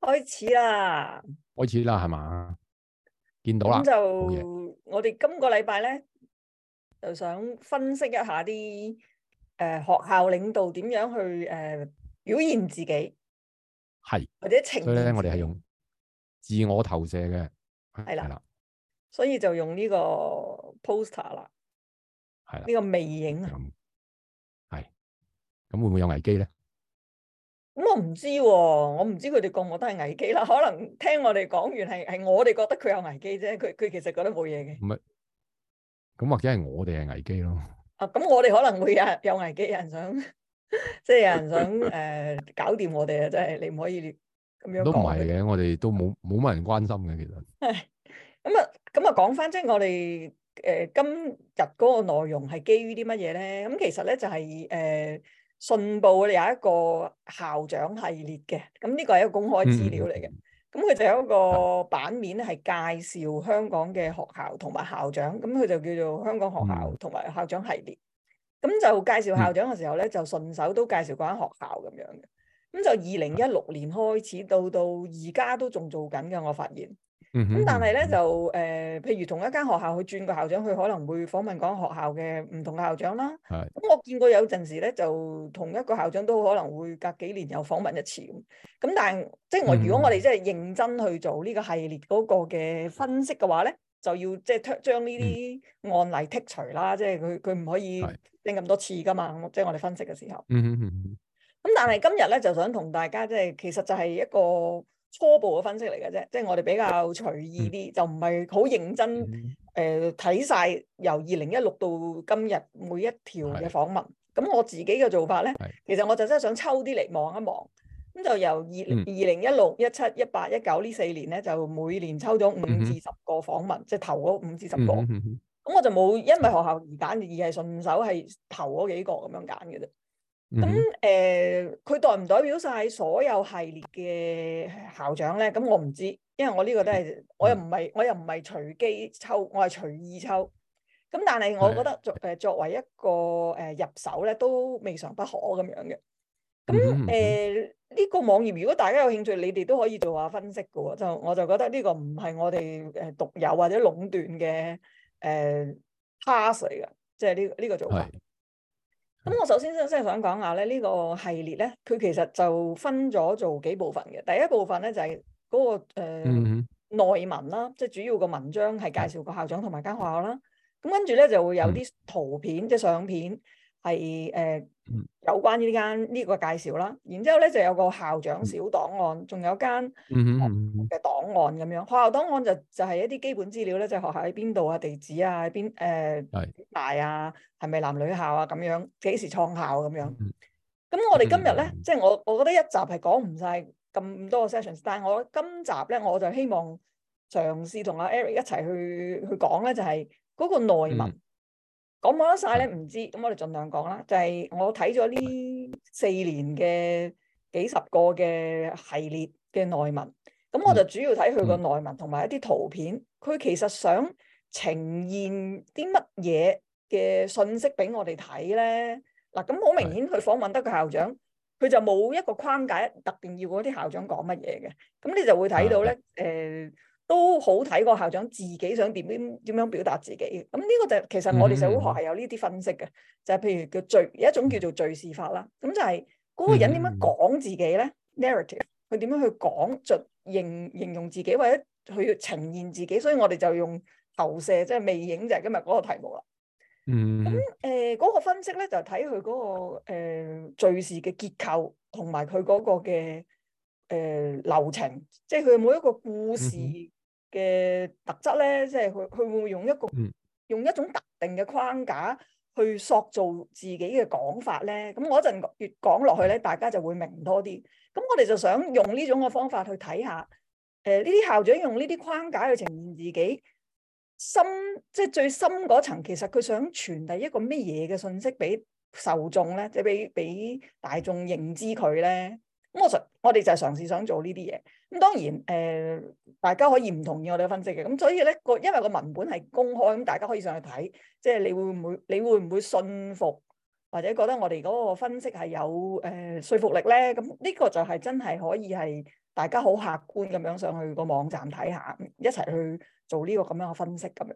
開始啦，開始啦，係嘛？見到啦，就我哋今個禮拜咧，就想分析一下啲誒、呃、學校領導點樣去誒、呃、表現自己，係是或者情。咧，我哋係用自我投射嘅，係啦的，的所以就用呢個 poster 啦，係啦的，呢個魅影啊，係咁會唔會有危機咧？咁我唔知喎，我唔知佢哋覺得我都係危機啦。可能聽我哋講完，係係我哋覺得佢有危機啫。佢佢其實覺得冇嘢嘅。唔係，咁或者係我哋係危機咯。啊，咁我哋可能會有有危機，有人想，即係有人想誒搞掂我哋啊！即係你唔可以咁樣。都唔係嘅，我哋都冇冇乜人關心嘅，其實。咁啊，咁啊，講翻即係我哋誒今日嗰個內容係基於啲乜嘢咧？咁其實咧就係誒。信報咧有一個校長系列嘅，咁呢個係一個公開資料嚟嘅，咁佢、嗯、就有一個版面咧係介紹香港嘅學校同埋校長，咁佢就叫做香港學校同埋校長系列，咁就介紹校長嘅時候咧，就順手都介紹嗰間學校咁樣嘅，咁就二零一六年開始到到而家都仲做緊嘅，我發現。咁、嗯、但係咧、嗯、哼就誒、呃，譬如同一間學校去轉個校長，佢可能會訪問講學校嘅唔同嘅校長啦。係的。咁我見過有陣時咧，就同一個校長都可能會隔幾年又訪問一次咁。但係即係我，即我如果我哋即係認真去做呢個系列嗰個嘅分析嘅話咧，就要即係將呢啲案例剔除啦。的即係佢佢唔可以拎咁多次噶嘛。即係的我哋分析嘅時候。嗯哼嗯嗯哼。咁但係今日咧就想同大家即係其實就係一個。初步嘅分析嚟嘅啫，即係我哋比較隨意啲，嗯、就唔係好認真誒睇晒由二零一六到今日每一條嘅訪問。咁的我自己嘅做法咧，的其實我就真係想抽啲嚟望一望。咁就由二零二零一六、一七、一八、一九呢四年咧，就每年抽咗五至十個訪問，嗯、即係頭嗰五至十個。咁、嗯嗯、我就冇因為學校而揀，而係順手係頭嗰幾個咁樣揀嘅啫。咁誒，佢、呃、代唔代表晒所有系列嘅校長咧？咁我唔知，因為我呢個都係，我又唔係，我又唔係隨機抽，我係隨意抽。咁但係我覺得作誒作為一個誒入手咧，都未嘗不可咁樣嘅。咁誒呢個網頁，如果大家有興趣，你哋都可以做下分析嘅、哦。就我就覺得呢個唔係我哋誒獨有或者壟斷嘅誒 pass 嚟嘅，即係呢呢個做法。咁我首先真係想講下咧呢、這個系列咧，佢其實就分咗做幾部分嘅。第一部分咧就係、是、嗰、那個誒、呃 Mm-hmm. 內文啦、啊，即、就、係、是、主要個文章係介紹個校長同埋間學校啦。咁跟住咧就會有啲圖片、Mm-hmm. 即係相片係誒。呃有關呢間呢個介紹啦，然之後咧就有個校長小檔案，仲、嗯、有間嘅檔案咁樣。學校檔案就就係、是、一啲基本資料咧，就是、學校喺邊度啊，地址啊，喺邊誒，幾大啊，係咪是男女校啊，咁樣，幾時創校咁樣。咁、嗯、哼我哋今日咧，即係我我覺得一集係講唔晒咁多個 sessions，但係我今集咧，我就希望嘗試同阿 Eric 一齊去去講咧，就係、是、嗰個內文、嗯。講冇得晒咧？唔知，咁我哋儘量講啦。就係、是、我睇咗呢四年嘅幾十個嘅系列嘅內文，咁我就主要睇佢個內文同埋一啲圖片。佢、嗯、其實想呈現啲乜嘢嘅信息俾我哋睇咧？嗱，咁好明顯，佢訪問得個校長，佢就冇一個框架，特定要嗰啲校長講乜嘢嘅。咁你就會睇到咧，誒、嗯。呃都好睇個校長自己想點點點樣表達自己嘅。咁呢個就其實我哋社會學係有呢啲分析嘅，mm hmm. 就係譬如叫敘，有一種叫做敘事法啦。咁就係嗰個人點樣講自己咧，narrative，佢點樣去講、敘、形、形容自己，或者佢呈現自己，所以我哋就用投射，即係魅影，就係、是、今日嗰個題目啦。嗯、mm。咁誒嗰個分析咧，就睇佢嗰個誒、呃、敘事嘅結構，同埋佢嗰個嘅誒、呃、流程，即係佢每一個故事。Mm hmm. 嘅特質咧，即係佢佢會用一個、嗯、用一種特定嘅框架去塑造自己嘅講法咧。咁我一陣越講落去咧，大家就會明多啲。咁我哋就想用呢種嘅方法去睇下，誒呢啲校長用呢啲框架去呈現自己深，即係最深嗰層，其實佢想傳遞一個乜嘢嘅信息俾受眾咧，即係俾俾大眾認知佢咧。咁我嘗，我哋就嘗試想做呢啲嘢。咁當然，誒、呃、大家可以唔同意我哋嘅分析嘅，咁所以咧個因為個文本係公開，咁大家可以上去睇，即係你會唔會你會唔會信服，或者覺得我哋嗰個分析係有誒、呃、說服力咧？咁呢個就係真係可以係大家好客觀咁樣上去個網站睇下，一齊去做呢個咁樣嘅分析咁樣。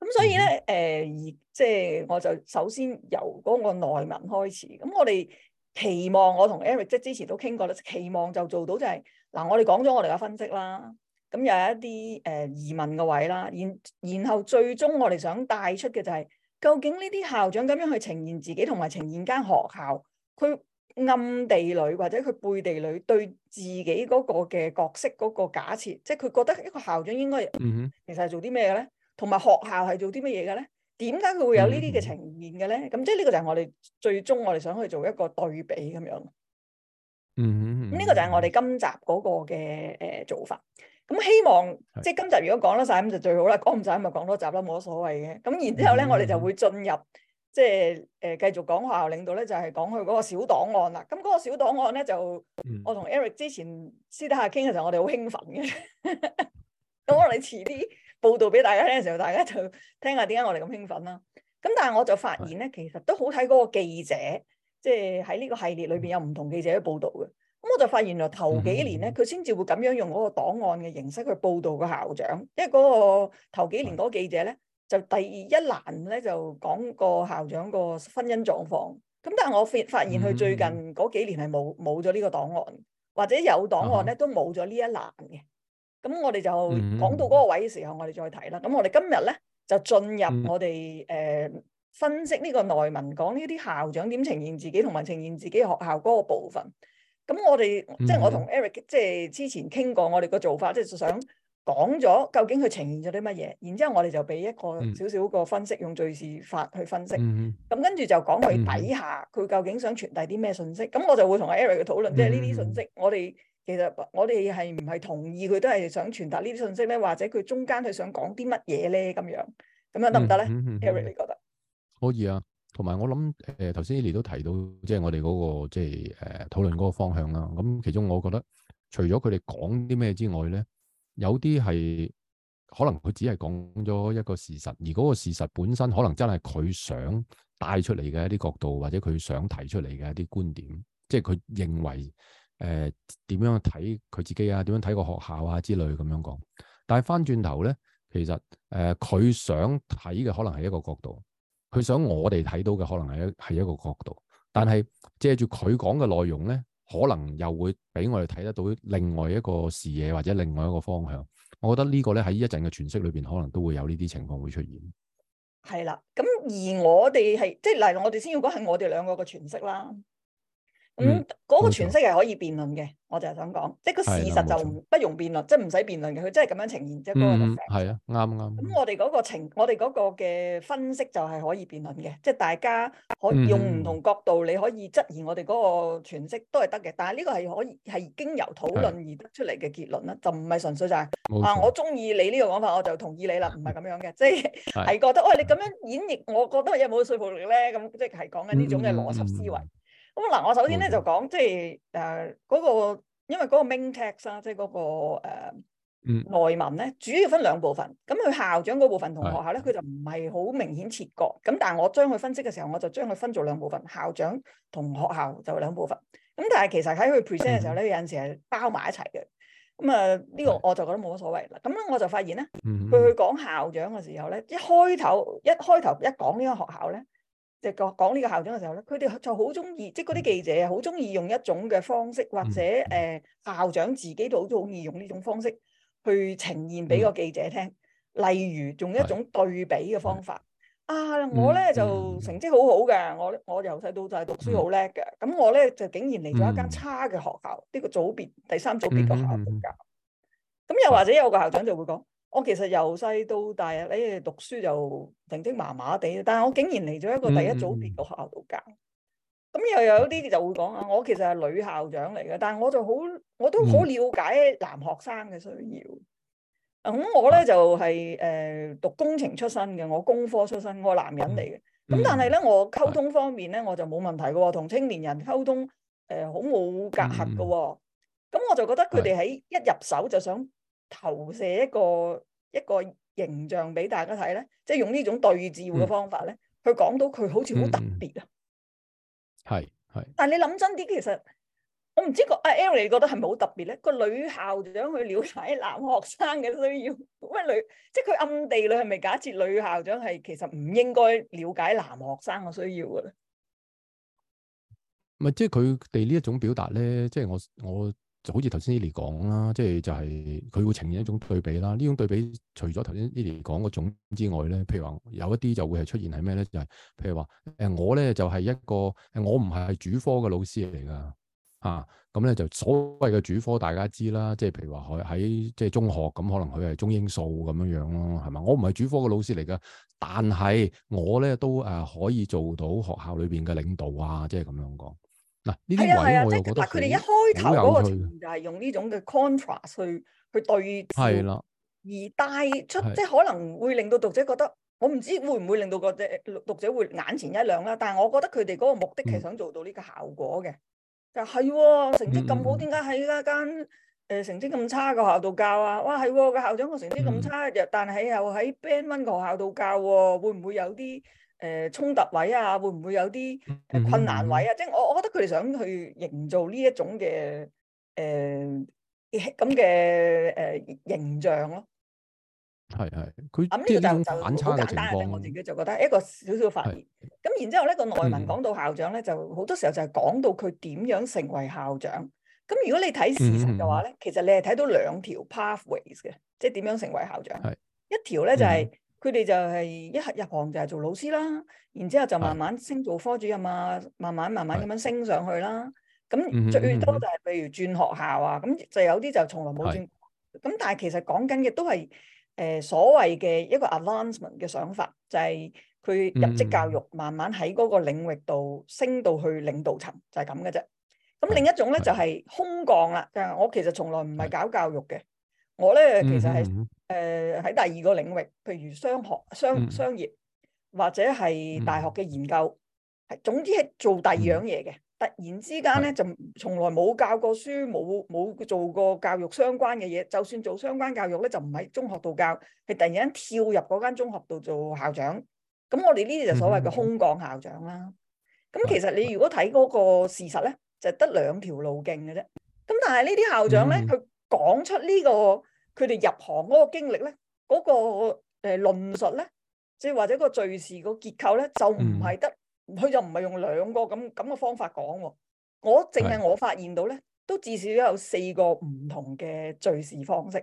咁所以咧，誒、呃、而即係我就首先由嗰個內文開始，咁我哋。期望我同 Eric 即之前都傾過啦，期望就做到就係、是、嗱，我哋講咗我哋嘅分析啦，咁、嗯、又有一啲誒疑問嘅位啦，然然後最終我哋想帶出嘅就係、是，究竟呢啲校長咁樣去呈現自己同埋呈現間學校，佢暗地裏或者佢背地裏對自己嗰個嘅角色嗰、那個假設，即係佢覺得一個校長應該其實係做啲咩嘅咧，同埋學校係做啲乜嘢嘅咧？點解佢會有呢啲嘅呈現嘅咧？咁即係呢個就係我哋最終我哋想去做一個對比咁樣嗯。嗯，呢個就係我哋今集嗰個嘅誒、呃、做法。咁希望是即係今集如果講得晒咁就最好啦。講唔晒咁咪講多集啦，冇乜所謂嘅。咁然之後咧，嗯、我哋就會進入即係誒繼續講學校領導咧，就係講佢嗰個小檔案啦。咁嗰個小檔案咧就、嗯、我同 Eric 之前私底下傾嘅時候，我哋好興奮嘅。咁 我哋你遲啲。報道俾大家聽嘅時候，大家就聽下點解我哋咁興奮啦。咁但係我就發現咧，其實都好睇嗰個記者，即係喺呢個系列裏邊有唔同記者報道嘅。咁我就發現原來頭幾年咧，佢先至會咁樣用嗰個檔案嘅形式去報導個校長，因為嗰個頭幾年嗰記者咧，就第一欄咧就講個校長個婚姻狀況。咁但係我發發現佢最近嗰幾年係冇冇咗呢個檔案，或者有檔案咧都冇咗呢一欄嘅。咁我哋就講到嗰個位嘅時候我，我哋再睇啦。咁我哋今日咧就進入我哋誒、嗯呃、分析呢個內文，講呢啲校長點呈現自己同埋呈現自己學校嗰個部分。咁我哋、嗯、即係我同 Eric 即係之前傾過，我哋個做法即係想講咗究竟佢呈現咗啲乜嘢，然之後我哋就俾一個少少個分析，用敘事法去分析。咁跟住就講佢底下佢、嗯、究竟想傳遞啲咩信息。咁我就會同 Eric 討論，嗯、即係呢啲信息我哋。其實我哋係唔係同意佢都係想傳達呢啲信息咧？或者佢中間佢想講啲乜嘢咧？咁樣咁樣得唔得咧？Eric 你覺得可以啊。同埋我諗誒頭先你都提到，即係我哋嗰個即係誒討論嗰個方向啦。咁其中我覺得除咗佢哋講啲咩之外咧，有啲係可能佢只係講咗一個事實，而嗰個事實本身可能真係佢想帶出嚟嘅一啲角度，或者佢想提出嚟嘅一啲觀點，即係佢認為。誒，點、呃、樣睇佢自己啊？點樣睇個學校啊？之類咁樣講。但係翻轉頭咧，其實誒、佢、呃、想睇嘅可能係一個角度，佢想我哋睇到嘅可能係一係一個角度。但係借住佢講嘅內容咧，可能又會俾我哋睇得到另外一個視野或者另外一個方向。我覺得個呢個咧，喺一陣嘅詮釋裏邊，可能都會有呢啲情況會出現。係啦，咁、嗯、而我哋係即係，例如我哋先要講係我哋兩個嘅詮釋啦。咁嗰個詮釋係可以辯論嘅，我就係想講，即係個事實就唔不容辯論，即係唔使辯論嘅，佢真係咁樣呈現，即係嗰個事實係啊，啱啱。咁我哋嗰個情，我哋個嘅分析就係可以辯論嘅，即係大家可以用唔同角度，你可以質疑我哋嗰個詮釋都係得嘅。但係呢個係可以係經由討論而得出嚟嘅結論啦，就唔係純粹就係啊，我中意你呢個講法，我就同意你啦，唔係咁樣嘅，即係係覺得，喂，你咁樣演繹，我覺得有冇說服力咧？咁即係講緊呢種嘅邏輯思維。咁嗱，我首先咧、嗯、就講，即係誒嗰個，因為嗰個 main text 啦，即係嗰、嗰個誒、呃嗯、內文咧，主要分兩部分。咁佢校長嗰部分同學校咧，佢的就唔係好明顯切割。咁但係我將佢分析嘅時候，我就將佢分做兩部分，校長同學校就兩部分。咁但係其實喺佢 present 嘅時候咧，嗯、有陣時係包埋一齊嘅。咁啊，呢個我就覺得冇乜所謂啦。咁咧的，我就發現咧，佢的、嗯、去講校長嘅時候咧，一開頭一開頭一講呢個學校咧。嗯就講呢個校長嘅時候咧，佢哋就好中意，即係嗰啲記者啊，好中意用一種嘅方式，或者誒、呃、校長自己都好中意用呢種方式去呈現俾個記者聽。例如用一種對比嘅方法啊，我咧就成績好好嘅，我我由細到大讀書好叻嘅，咁我咧就竟然嚟咗一間差嘅學校，呢、呢個組別第三組別嘅學校。咁又或者有個校長就會講。我其實由細到大啊，你哋讀書就成績麻麻地，但係我竟然嚟咗一個第一組別嘅學校度教，咁、嗯、又有啲就會講啊，我其實係女校長嚟嘅，但係我就好，我都好了解男學生嘅需要。咁、嗯、我咧就係、是、誒、呃、讀工程出身嘅，我工科出身，我係男人嚟嘅。咁但係咧，我溝通方面咧，我就冇問題嘅喎，同青年人溝通誒好冇隔閡嘅喎。咁、呃哦嗯、我就覺得佢哋喺一入手就想。投射一個一個形象俾大家睇咧，即係用呢種對照嘅方法咧，去講到佢好似好特別啊。係係。但係你諗真啲，其實我唔知個阿 Ellie 你覺得係咪好特別咧？個女校長去了解男學生嘅需要，喂女，即係佢暗地裏係咪假設女校長係其實唔應該了解男學生嘅需要嘅咧？唔係，即係佢哋呢一種表達咧，即係我我。好就好似頭先依尼講啦，即係就係佢會呈現一種對比啦。呢種對比除咗頭先依尼講嗰種之外咧，譬如話有一啲就會係出現係咩咧？就係、是、譬如話誒，我咧就係一個誒，我唔係係主科嘅老師嚟㗎啊。咁咧就所謂嘅主科大家知啦，即係譬如話喺喺即係中學咁，可能佢係中英數咁樣樣咯，係嘛？我唔係主科嘅老師嚟㗎，但係我咧都誒可以做到學校裏邊嘅領導啊，即係咁樣講。嗱，呢啲位我又係佢哋一開頭嗰個情就係用呢種嘅 contrast 去去對係啦，而帶出即係可能會令到讀者覺得，的我唔知會唔會令到個嘅讀者會眼前一亮啦。但係我覺得佢哋嗰個目的係想做到呢個效果嘅，嗯、就係、是、成績咁好，點解喺一間誒成績咁差嘅學校度教啊？哇，係個、啊、校長個成績咁差，又、嗯、但係又喺 band one 嘅學校度教、啊，會唔會有啲？誒、呃、衝突位啊，會唔會有啲困難位啊？Mm hmm. 即係我，我覺得佢哋想去營造呢一種嘅誒咁嘅誒形象咯。係係，佢呢種反差情況，嗯就就好簡單嘅，我自己就覺得一個少少反面。咁是然之後咧，個內文講到校長咧，就好多時候就係講到佢點樣成為校長。咁如果你睇事實嘅話咧，mm hmm. 其實你係睇到兩條 pathways 嘅，即係點樣成為校長。是一條咧就係。佢哋就係一入行就係做老師啦，然之後就慢慢升做科主任啊，慢慢慢慢咁樣升上去啦。咁最多就係譬如轉學校啊，咁就有啲就從來冇轉。咁但係其實講緊嘅都係誒所謂嘅一個 advancement 嘅想法，就係佢入職教育慢慢喺嗰個領域度升到去領導層，就係咁嘅啫。咁另一種咧就係空降啦。但係我其實從來唔係搞教育嘅，我咧其實係。誒，喺、呃、第二個領域，譬如商學、商、嗯、商業或者係大學嘅研究，係、嗯、總之係做第二樣嘢嘅。突然之間咧，就從來冇教過書，冇冇做過教育相關嘅嘢。就算做相關教育咧，就唔喺中學度教，係突然間跳入嗰間中學度做校長。咁我哋呢啲就所謂嘅空降校長啦。咁、嗯、其實你如果睇嗰個事實咧，就係得兩條路徑嘅啫。咁但係呢啲校長咧，佢講出呢個。佢哋入行嗰個經歷咧，嗰、嗰個誒、呃、論述咧，即係或者個敘事個結構咧，就唔係得，佢、嗯、就唔係用兩個咁咁嘅方法講喎。我淨係我發現到咧，的都至少有四個唔同嘅敘事方式。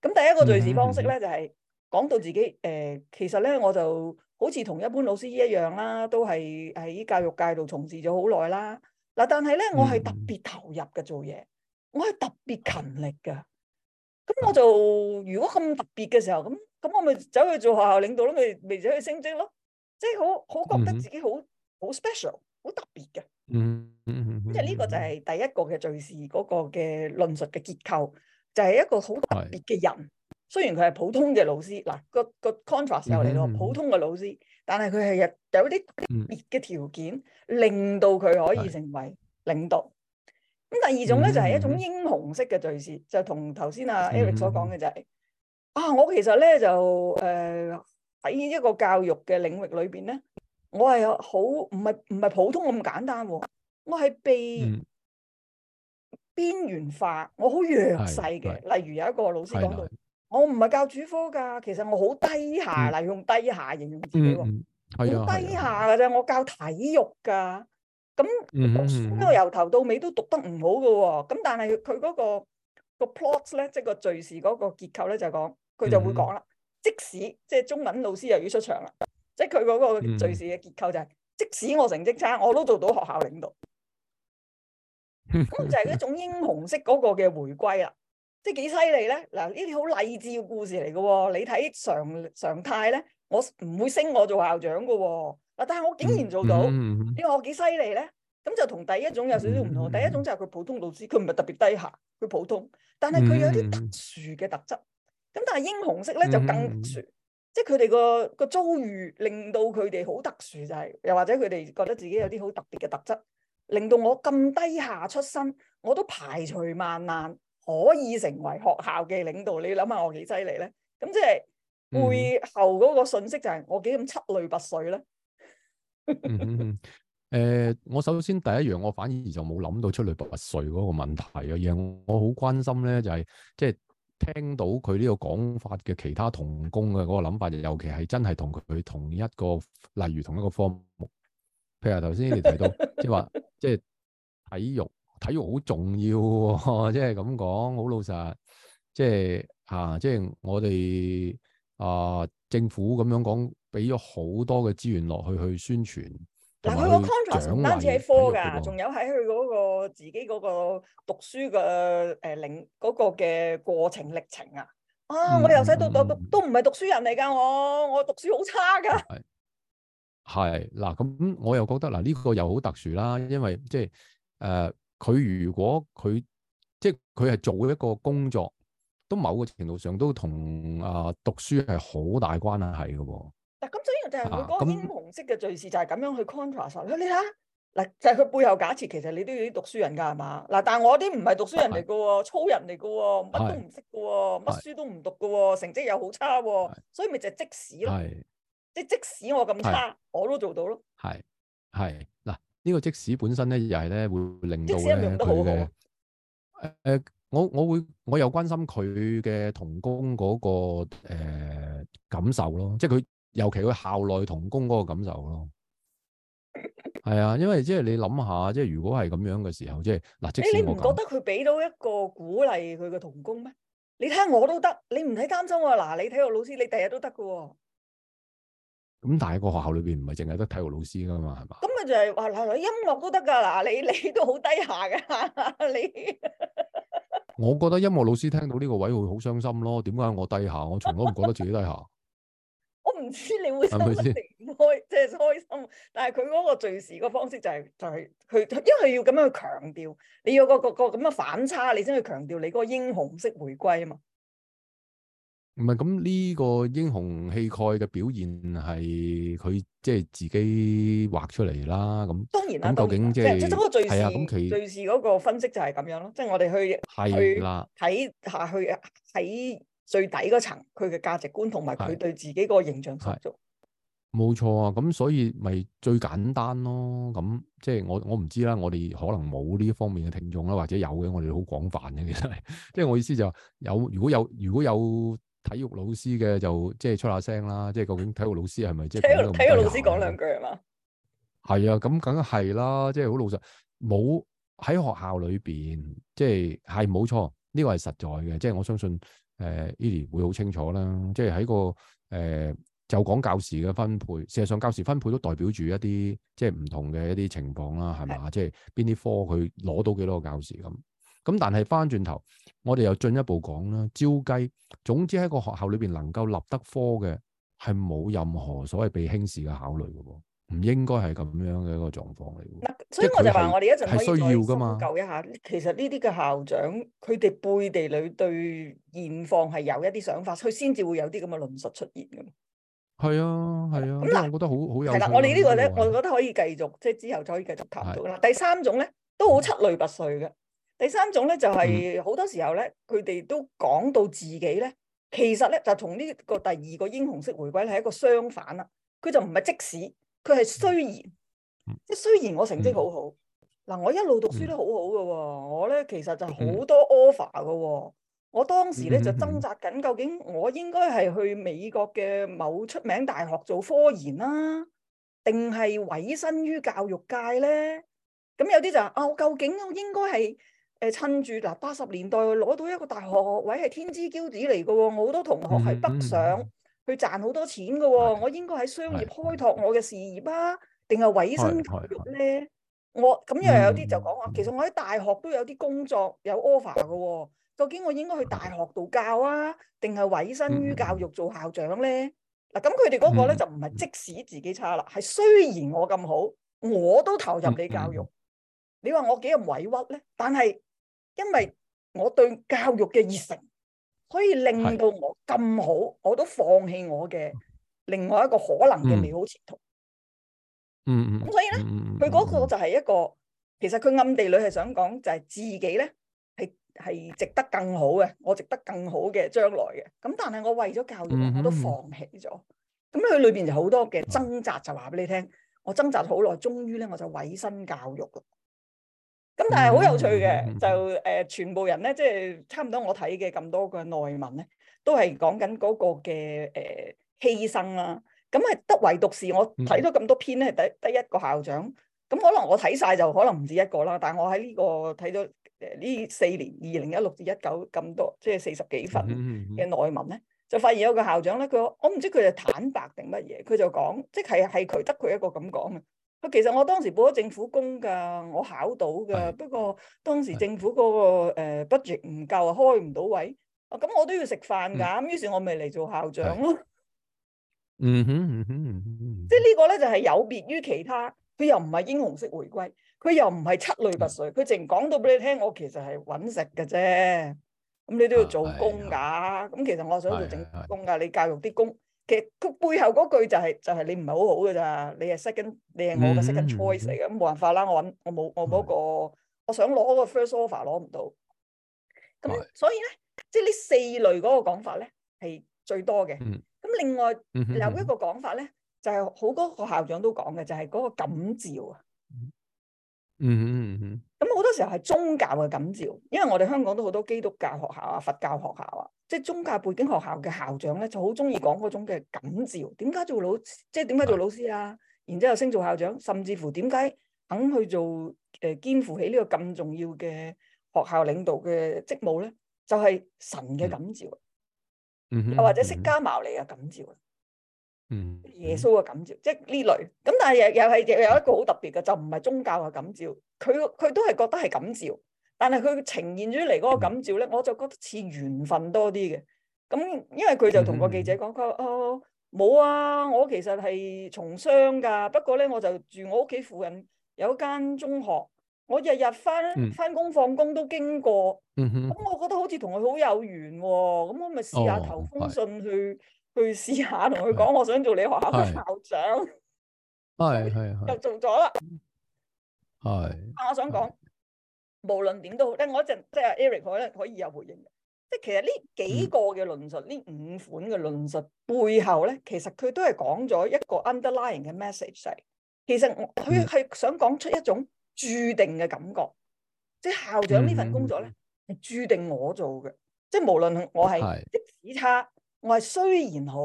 咁第一個敘事方式咧，的就係講到自己誒、呃，其實咧我就好似同一般老師一樣啦，都係喺教育界度從事咗好耐啦。嗱，但係咧，嗯、我係特別投入嘅做嘢，我係特別勤力嘅。咁我就如果咁特別嘅時候，咁咁我咪走去做學校領導咯，咪咪走去升職咯，即係好好覺得自己好好 special，好特別嘅。嗯嗯哼嗯。咁即係呢個就係第一個嘅敘事嗰個嘅論述嘅結構，就係、是、一個好特別嘅人。是雖然佢係普通嘅老師，嗱、嗰個、嗰個 contrast 又嚟到普通嘅老師，嗯、哼但係佢係有有啲特別嘅條件，令到佢可以成為領導。咁第二種咧就係、是、一種英雄式嘅敘事，嗯、就同頭先啊 Eric 所講嘅就係、是嗯、啊，我其實咧就誒喺、呃、一個教育嘅領域裏邊咧，我係好唔係唔係普通咁簡單喎、啊，我係被邊緣化，嗯、我好弱勢嘅。例如有一個老師講到，的我唔係教主科噶，其實我好低下，嚟、嗯嗯、用低下形容自己喎、啊，好低下噶啫，我教體育噶。的的咁咁我由頭到尾都讀得唔好嘅喎、哦，咁但係佢嗰個 plots 咧，即係個敘事嗰個結構咧，就係講佢就會講啦、嗯嗯。即使即係中文老師又要出場啦，即係佢嗰個敘事嘅結構就係、是嗯、即使我成績差，我都做到學校領導。咁 就係一種英雄式嗰個嘅回歸啦。即係幾犀利咧？嗱，呢啲好勵志嘅故事嚟嘅喎。你睇常常態咧，我唔會升我做校長嘅喎、哦。但係我竟然做到，你話我幾犀利咧？咁、嗯、就同第一種有少少唔同。嗯嗯、第一種就係佢普通老師，佢唔係特別低下，佢普通，但係佢有啲特殊嘅特質。咁、嗯、但係英雄式咧、嗯、就更特殊，嗯嗯、即係佢哋個個遭遇令到佢哋好特殊、就是，就係又或者佢哋覺得自己有啲好特別嘅特質，令到我咁低下出身，我都排除萬難可以成為學校嘅領導。你諗下我幾犀利咧？咁即係背後嗰個信息就係我幾咁出類拔萃咧。嗯誒、呃，我首先第一樣，我反而就冇諗到出嚟物稅嗰個問題啊。嘢我好關心咧，就係、是、即係聽到佢呢個講法嘅其他同工嘅嗰個諗法，尤其係真係同佢同一個，例如同一個科目，譬如頭先你提到， 即係話即係體育，體育好重要、哦，即係咁講，好老實，即係啊，即係我哋啊政府咁樣講。俾咗好多嘅資源落去去宣傳，嗱佢個 contrast 唔單止係科㗎，仲有喺佢嗰個自己嗰個讀書嘅誒領嗰個嘅過程歷程啊！啊，我哋由細到到都、嗯、都唔係讀書人嚟㗎，我我讀書好差㗎。係嗱，咁我又覺得嗱呢、呢個又好特殊啦，因為即係誒佢如果佢即係佢係做一個工作，都某個程度上都同啊讀書係好大關係嘅喎。嗱，咁所以就係佢嗰個英雄式嘅敘事就係咁樣去 contrast 咯。你睇下，嗱，就係佢背後假設，其實你都要啲讀書人噶係嘛？嗱，但係我啲唔係讀書人嚟噶，粗人嚟噶，乜都唔識噶，乜書都唔讀噶，成績又好差，所以咪就係即使咯，即係即使我咁差，我都做到咯。係係嗱，呢個即使本身咧，又係咧會令到咧佢嘅誒，我我會我又關心佢嘅同工嗰個誒感受咯，即係佢。尤其佢校內同工嗰個感受咯，係啊， 因為即係你諗下，即係如果係咁樣嘅時候，即係嗱，即使我咁，你唔覺得佢俾到一個鼓勵佢個同工咩？你睇我都得，你唔使擔心喎。嗱，你體育老師你第日都得噶。咁但係個學校裏邊唔係淨係得體育老師噶嘛，係嘛？咁咪就係話嗱，音樂都得噶。嗱，你你都好低下噶，你。我覺得音樂老師聽到呢個位會好傷心咯。點解我低下？我從嚟唔覺得自己低下。 唔知你會收得定唔開，即係開心。但係佢嗰個敘事個方式就係、是，就係、是、佢，因為要咁樣去強調，你要個個個咁樣反差，你先去強調你嗰個英雄式回歸啊嘛。唔係咁呢個英雄氣概嘅表現係佢即係自己畫出嚟啦。咁當然啦、啊，究竟即係即係嗰個敘事係啊？咁佢敘事嗰個分析就係咁樣咯。即、就、係、是、我哋去係啦，睇下的去睇。去去去去去去去最底嗰層，佢嘅價值觀同埋佢對自己個形象塑造，冇錯啊！咁所以咪最簡單咯。咁即係我我唔知啦。我哋可能冇呢方面嘅聽眾啦，或者有嘅，我哋好廣泛嘅。其實係即係我意思就係有，如果有如果有體育老師嘅，就即係出下聲啦。即係究竟體育老師係咪即係體育老師講兩句係嘛？係啊，咁梗係啦。即係好老實，冇喺學校裏邊，即係係冇錯，呢個係實在嘅。即係我相信。誒、uh，Eli 會好清楚啦，即係喺個誒、uh, 就講教時嘅分配，事實上教時分配都代表住一啲即係唔同嘅一啲情況啦，係咪？ 即係邊啲科佢攞到幾多個教時咁，咁但係翻轉頭，我哋又進一步講啦，招雞，總之喺個學校裏邊能夠立得科嘅，係冇任何所謂被輕視嘅考慮嘅。唔應該係咁樣嘅一個狀況嚟嘅，所以我就話我哋一陣可以再修救一下。其實呢啲嘅校長，佢哋背地裏對現況係有一啲想法，佢先至會有啲咁嘅論述出現嘅。係啊，係啊，咁嗱，我覺得好好有。係啦，我哋呢個咧，我覺得可以繼續，即係之後就可以繼續談到啦。第三種咧，都好七裏八碎嘅。第三種咧，就係好多時候咧，佢哋都講到自己咧，其實咧就同呢個第二個英雄式回歸係一個相反啦。佢就唔係即使。佢係雖然，即係雖然我成績好好，嗱、嗯啊、我一路讀書都好好嘅喎，我咧其實就好多 offer 嘅喎，我當時咧就掙扎緊，究竟我應該係去美國嘅某出名大學做科研啦、啊，定係委身於教育界咧？咁有啲就啊，我究竟我應該係誒趁住嗱八十年代攞到一個大學學位係天之驕子嚟嘅喎，我好多同學係北上。嗯嗯嗯佢賺好多錢嘅喎、哦，的我應該喺商業開拓我嘅事業啊，定係委身教育咧？我咁又有啲就講話，嗯、其實我喺大學都有啲工作有 offer 嘅喎，究竟我應該去大學度教啊，定係委身於教育做校長咧？嗱、嗯，咁佢哋嗰個咧就唔係即使自己差啦，係雖然我咁好，我都投入你教育。嗯嗯、你話我幾咁委屈咧？但係因為我對教育嘅熱誠。可以令到我咁好，我都放棄我嘅另外一個可能嘅美好前途。嗯、嗯嗯、咁所以咧，佢嗰個就係一個，其實佢暗地裏係想講就係自己咧，係係值得更好嘅，我值得更好嘅將來嘅。咁但係我為咗教育，我都放棄咗。咁佢裏邊就好多嘅掙扎，就話俾你聽。我掙扎好耐，終於咧我就委身教育。咁、嗯嗯、但係好有趣嘅，就誒、呃、全部人咧，即、就、係、是、差唔多我睇嘅咁多個內文咧，都係講緊嗰個嘅誒、呃、犧牲啦、啊。咁係得唯獨是我睇咗咁多篇咧，係得一個校長，咁可能我睇晒就可能唔止一個啦。但我喺呢、這個睇咗誒呢四年二零一六至一九咁多，即、就、係、是、四十幾份嘅內文咧，就發現有個校長咧，佢我唔知佢係坦白定乜嘢，佢就講，即係係佢得佢一個咁講嘅。佢其實我當時報咗政府工㗎，我考到㗎，不過當時政府嗰個誒 budget 唔夠啊，開唔到位啊，咁我都要食飯㗎，咁於是我咪嚟做校長咯。嗯哼嗯哼，即係呢個咧就係有別於其他，佢又唔係英雄式迴歸，佢又唔係出類拔萃，佢淨講到俾你聽，我其實係揾食㗎啫。咁你都要做工㗎，咁其實我想做政府工㗎，你教育啲工。其實佢背後嗰句就係、是、就係、是、你唔係好好嘅咋，你係 second 你係我嘅 second choice 嚟嘅，咁冇辦法啦。我揾我冇我嗰、那個，mm hmm. 我想攞個 first offer 攞唔到，咁所以咧，mm hmm. 即係呢四類嗰個講法咧係最多嘅。咁另外、mm hmm. 有一個講法咧，就係、是、好多個校長都講嘅，就係、是、嗰個感召啊。Mm hmm. 嗯，嗯，嗯，咁、嗯、好多時候係宗教嘅感召，因為我哋香港都好多基督教學校啊、佛教學校啊，即係宗教背景學校嘅校長咧，就好中意講嗰種嘅感召。點解做老，即係點解做老師啊？嗯、哼然之後升做校長，甚至乎點解肯去做誒、呃、肩負起呢個咁重要嘅學校領導嘅職務咧？就係、是、神嘅感召，嗯嗯、又或者釋迦牟尼嘅感召。嗯哼嗯嗯，耶穌嘅感召，即係呢類咁、嗯，但係又又係有一個好特別嘅，就唔係宗教嘅感召，佢佢都係覺得係感召，但係佢呈現咗嚟，嗰個感召咧，嗯、我就覺得似緣分多啲嘅。咁因為佢就同個記者講佢、嗯、哦，冇啊，我其實係從商噶，不過咧我就住我屋企附近有一間中學，我日日翻翻工放工都經過，咁我覺得好似同佢好有緣喎、哦，咁我咪試，試下投封信去。哦去試下同佢講，我想做你學校嘅校長，係係又做咗啦，係。但係我想講，無論點都好，咧我一陣即係 Eric，我咧可以有回應嘅。即係其實呢幾個嘅論述，呢五款嘅論述背後咧，其實佢都係講咗一個 underlying 嘅 message，係其實我佢係想講出一種註定嘅感覺，即係校長呢份工作咧係註定我做嘅，即係無論我係即使差。我係雖然好，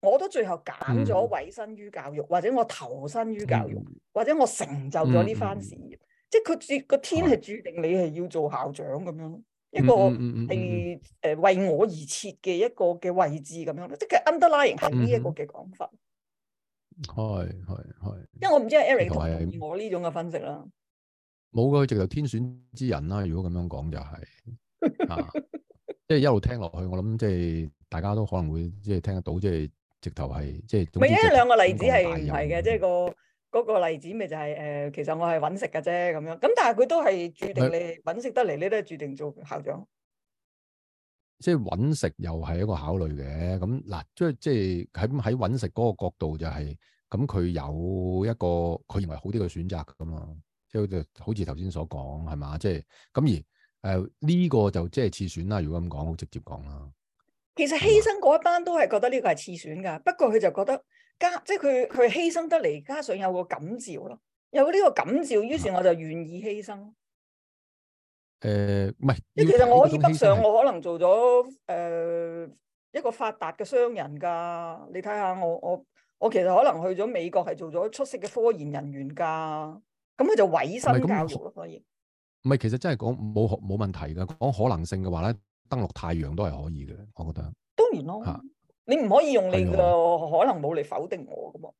我都最後揀咗委身於教育，或者我投身於教育，或者我成就咗呢番事業，嗯嗯即係佢注個天係注定你係要做校長咁樣，一個係誒為我而設嘅一個嘅位置咁樣咯，即係 underlying 係呢一個嘅講法，係係係，嗯嗯、因為我唔知係 Eric 平時 同我呢種嘅分析啦，冇個，直頭天選之人啦，如果咁樣講就係、是 啊，即係一路聽落去，我諗即係。大家都可能會即係聽得到，即係直頭係即係。咪依兩個例子係唔係嘅？即係個嗰、嗰個、例子、就係，咪就係誒，其實我係揾食嘅啫咁樣。咁但係佢都係注定你揾食得嚟，是你都係注定做校長。即係揾食又係一個考慮嘅。咁嗱，即係即係喺喺揾食嗰個角度就係、是，咁佢有一個佢認為好啲嘅選擇㗎嘛。即係好似好似頭先所講係嘛？即係咁而誒呢、呃呢個就即係次選啦。如果咁講，好直接講啦。其實犧牲嗰一班都係覺得呢個係次選噶，不過佢就覺得加即係佢佢犧牲得嚟，加上有個感召咯，有呢個感召，於是我就願意犧牲。誒、呃，唔係，即其實我以北上，我可能做咗誒、呃、一個發達嘅商人噶。你睇下我我我其實可能去咗美國係做咗出色嘅科研人員噶。咁佢就委身教育咯，可以。唔係，其實真係講冇冇問題噶，講可能性嘅話咧。登錄太陽都係可以嘅，我覺得。當然咯，是你唔可以用你嘅的可能冇嚟否定我㗎嘛。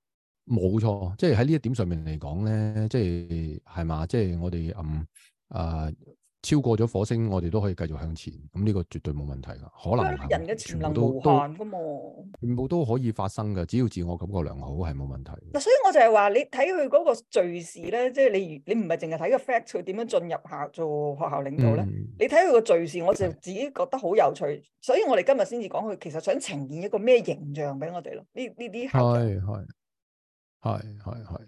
冇錯，即係喺呢一點上面嚟講咧，即係係嘛，即係我哋嗯啊。呃超過咗火星，我哋都可以繼續向前。咁、這、呢個絕對冇問題噶，可能人嘅潛能無限噶嘛，全部都可以發生嘅。只要自我感覺良好，係冇問題。嗱，所以我就係話，你睇佢嗰個敘事咧，即係你你唔係淨係睇個 fact 佢點樣進入校做學校領導咧？嗯、你睇佢個敘事，我就自己覺得好有趣。是所以我哋今日先至講佢，其實想呈現一個咩形象俾我哋咯？呢呢啲係係係係係，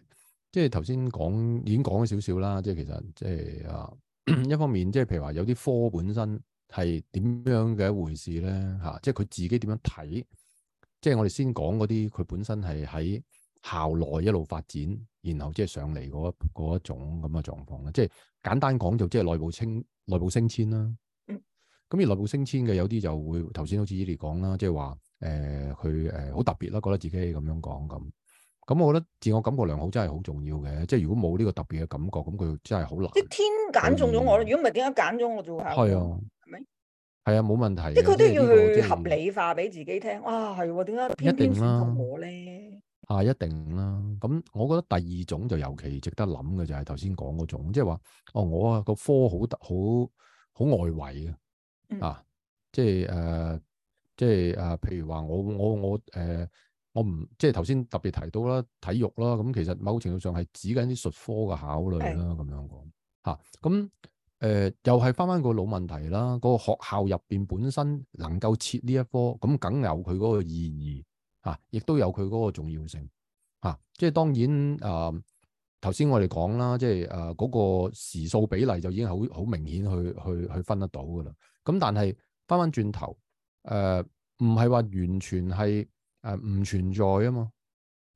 即係頭先講已經講咗少少啦。即係其實即係啊。 一方面即係譬如話有啲科本身係點樣嘅一回事咧吓，啊，即係佢自己點樣睇，即係我哋先講嗰啲佢本身係喺校內一路發展，然後即係上嚟嗰一,一種咁嘅狀況咧。即係簡單講就即係內部清內部升遷啦。咁、嗯、而內部升遷嘅有啲就會頭先好似 Eli 講啦，即係話誒佢誒好特別啦，覺得自己咁樣講咁。咁我覺得自我感覺良好真係好重要嘅，即係如果冇呢個特別嘅感覺，咁佢真係好難了了。即天揀中咗我啦，如果唔係點解揀咗我啫？係啊，係咪，係啊，冇問題。即佢都要去合理化俾自、呢個、自己聽，哇，係點解偏偏選中我咧？啊，一定啦、啊。咁我覺得第二種就尤其值得諗嘅就係頭先講嗰種，即係話哦，我啊個科好得好好外圍嘅、嗯、啊，即係誒、呃呃，即係誒，譬、呃、如話我我我誒。我我嗯呃我唔即係頭先特別提到啦，體育啦，咁、嗯、其實某程度上係指緊啲術科嘅考慮啦，咁樣講嚇。咁、啊、誒、嗯呃、又係翻翻個老問題啦，嗰個學校入邊本身能夠設呢一科，咁、嗯、梗有佢嗰個意義嚇，亦、啊、都有佢嗰個重要性嚇、啊。即係當然誒，頭、呃、先我哋講啦，即係誒嗰個時數比例就已經好好明顯去去去分得到噶啦。咁、嗯、但係翻翻轉頭誒，唔係話完全係。誒，唔、啊、存在啊嘛，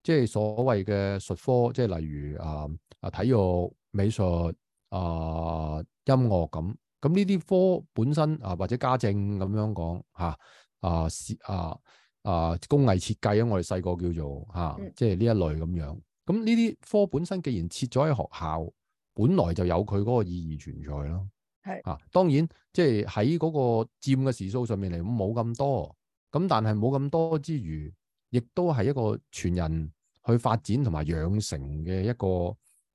即係所謂嘅術科，即係例如啊啊體育、美術啊音樂咁，咁呢啲科本身啊或者家政咁樣講吓啊啊啊工藝設計啊，啊啊啊我哋細個叫做吓，啊嗯、即係呢一類咁樣。咁呢啲科本身既然設咗喺學校，本來就有佢嗰個意義存在咯。係是啊，當然即係喺嗰個佔嘅時數上面嚟，冇咁多，咁但係冇咁多之餘。亦都係一個全人去發展同埋養成嘅一個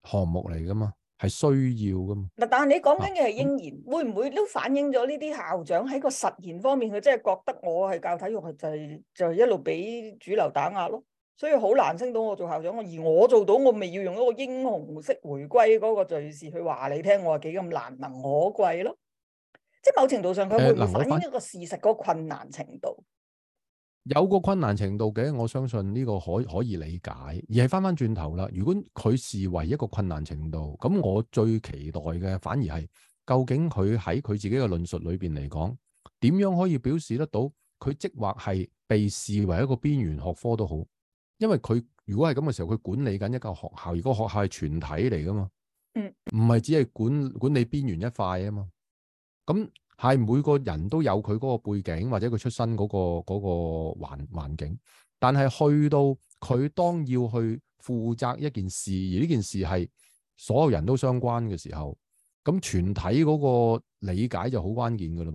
項目嚟噶嘛，係需要噶嘛。嗱，但係你講緊嘅係應然，啊、會唔會都反映咗呢啲校長喺個實驗方面，佢真係覺得我係教體育、就是，就係就係一路俾主流打壓咯，所以好難升到我做校長。而我做到，我咪要用一個英雄式回歸嗰個敘事去話你聽，我係幾咁難能可貴咯。即係某程度上，佢會唔會反映一個事實，嗰個困難程度。呃呃有個困難程度嘅，我相信呢個可可以理解，而係翻翻轉頭啦。如果佢視為一個困難程度，咁我最期待嘅反而係，究竟佢喺佢自己嘅論述裏邊嚟講，點樣可以表示得到佢即或係被視為一個邊緣學科都好，因為佢如果係咁嘅時候，佢管理緊一個學校，如果學校係全體嚟噶嘛，嗯，唔係只係管管理邊緣一塊啊嘛，咁。係每個人都有佢嗰個背景或者佢出身嗰個嗰個環環境，但係去到佢當要去負責一件事，而呢件事係所有人都相關嘅時候，咁全體嗰個理解就好關鍵噶啦。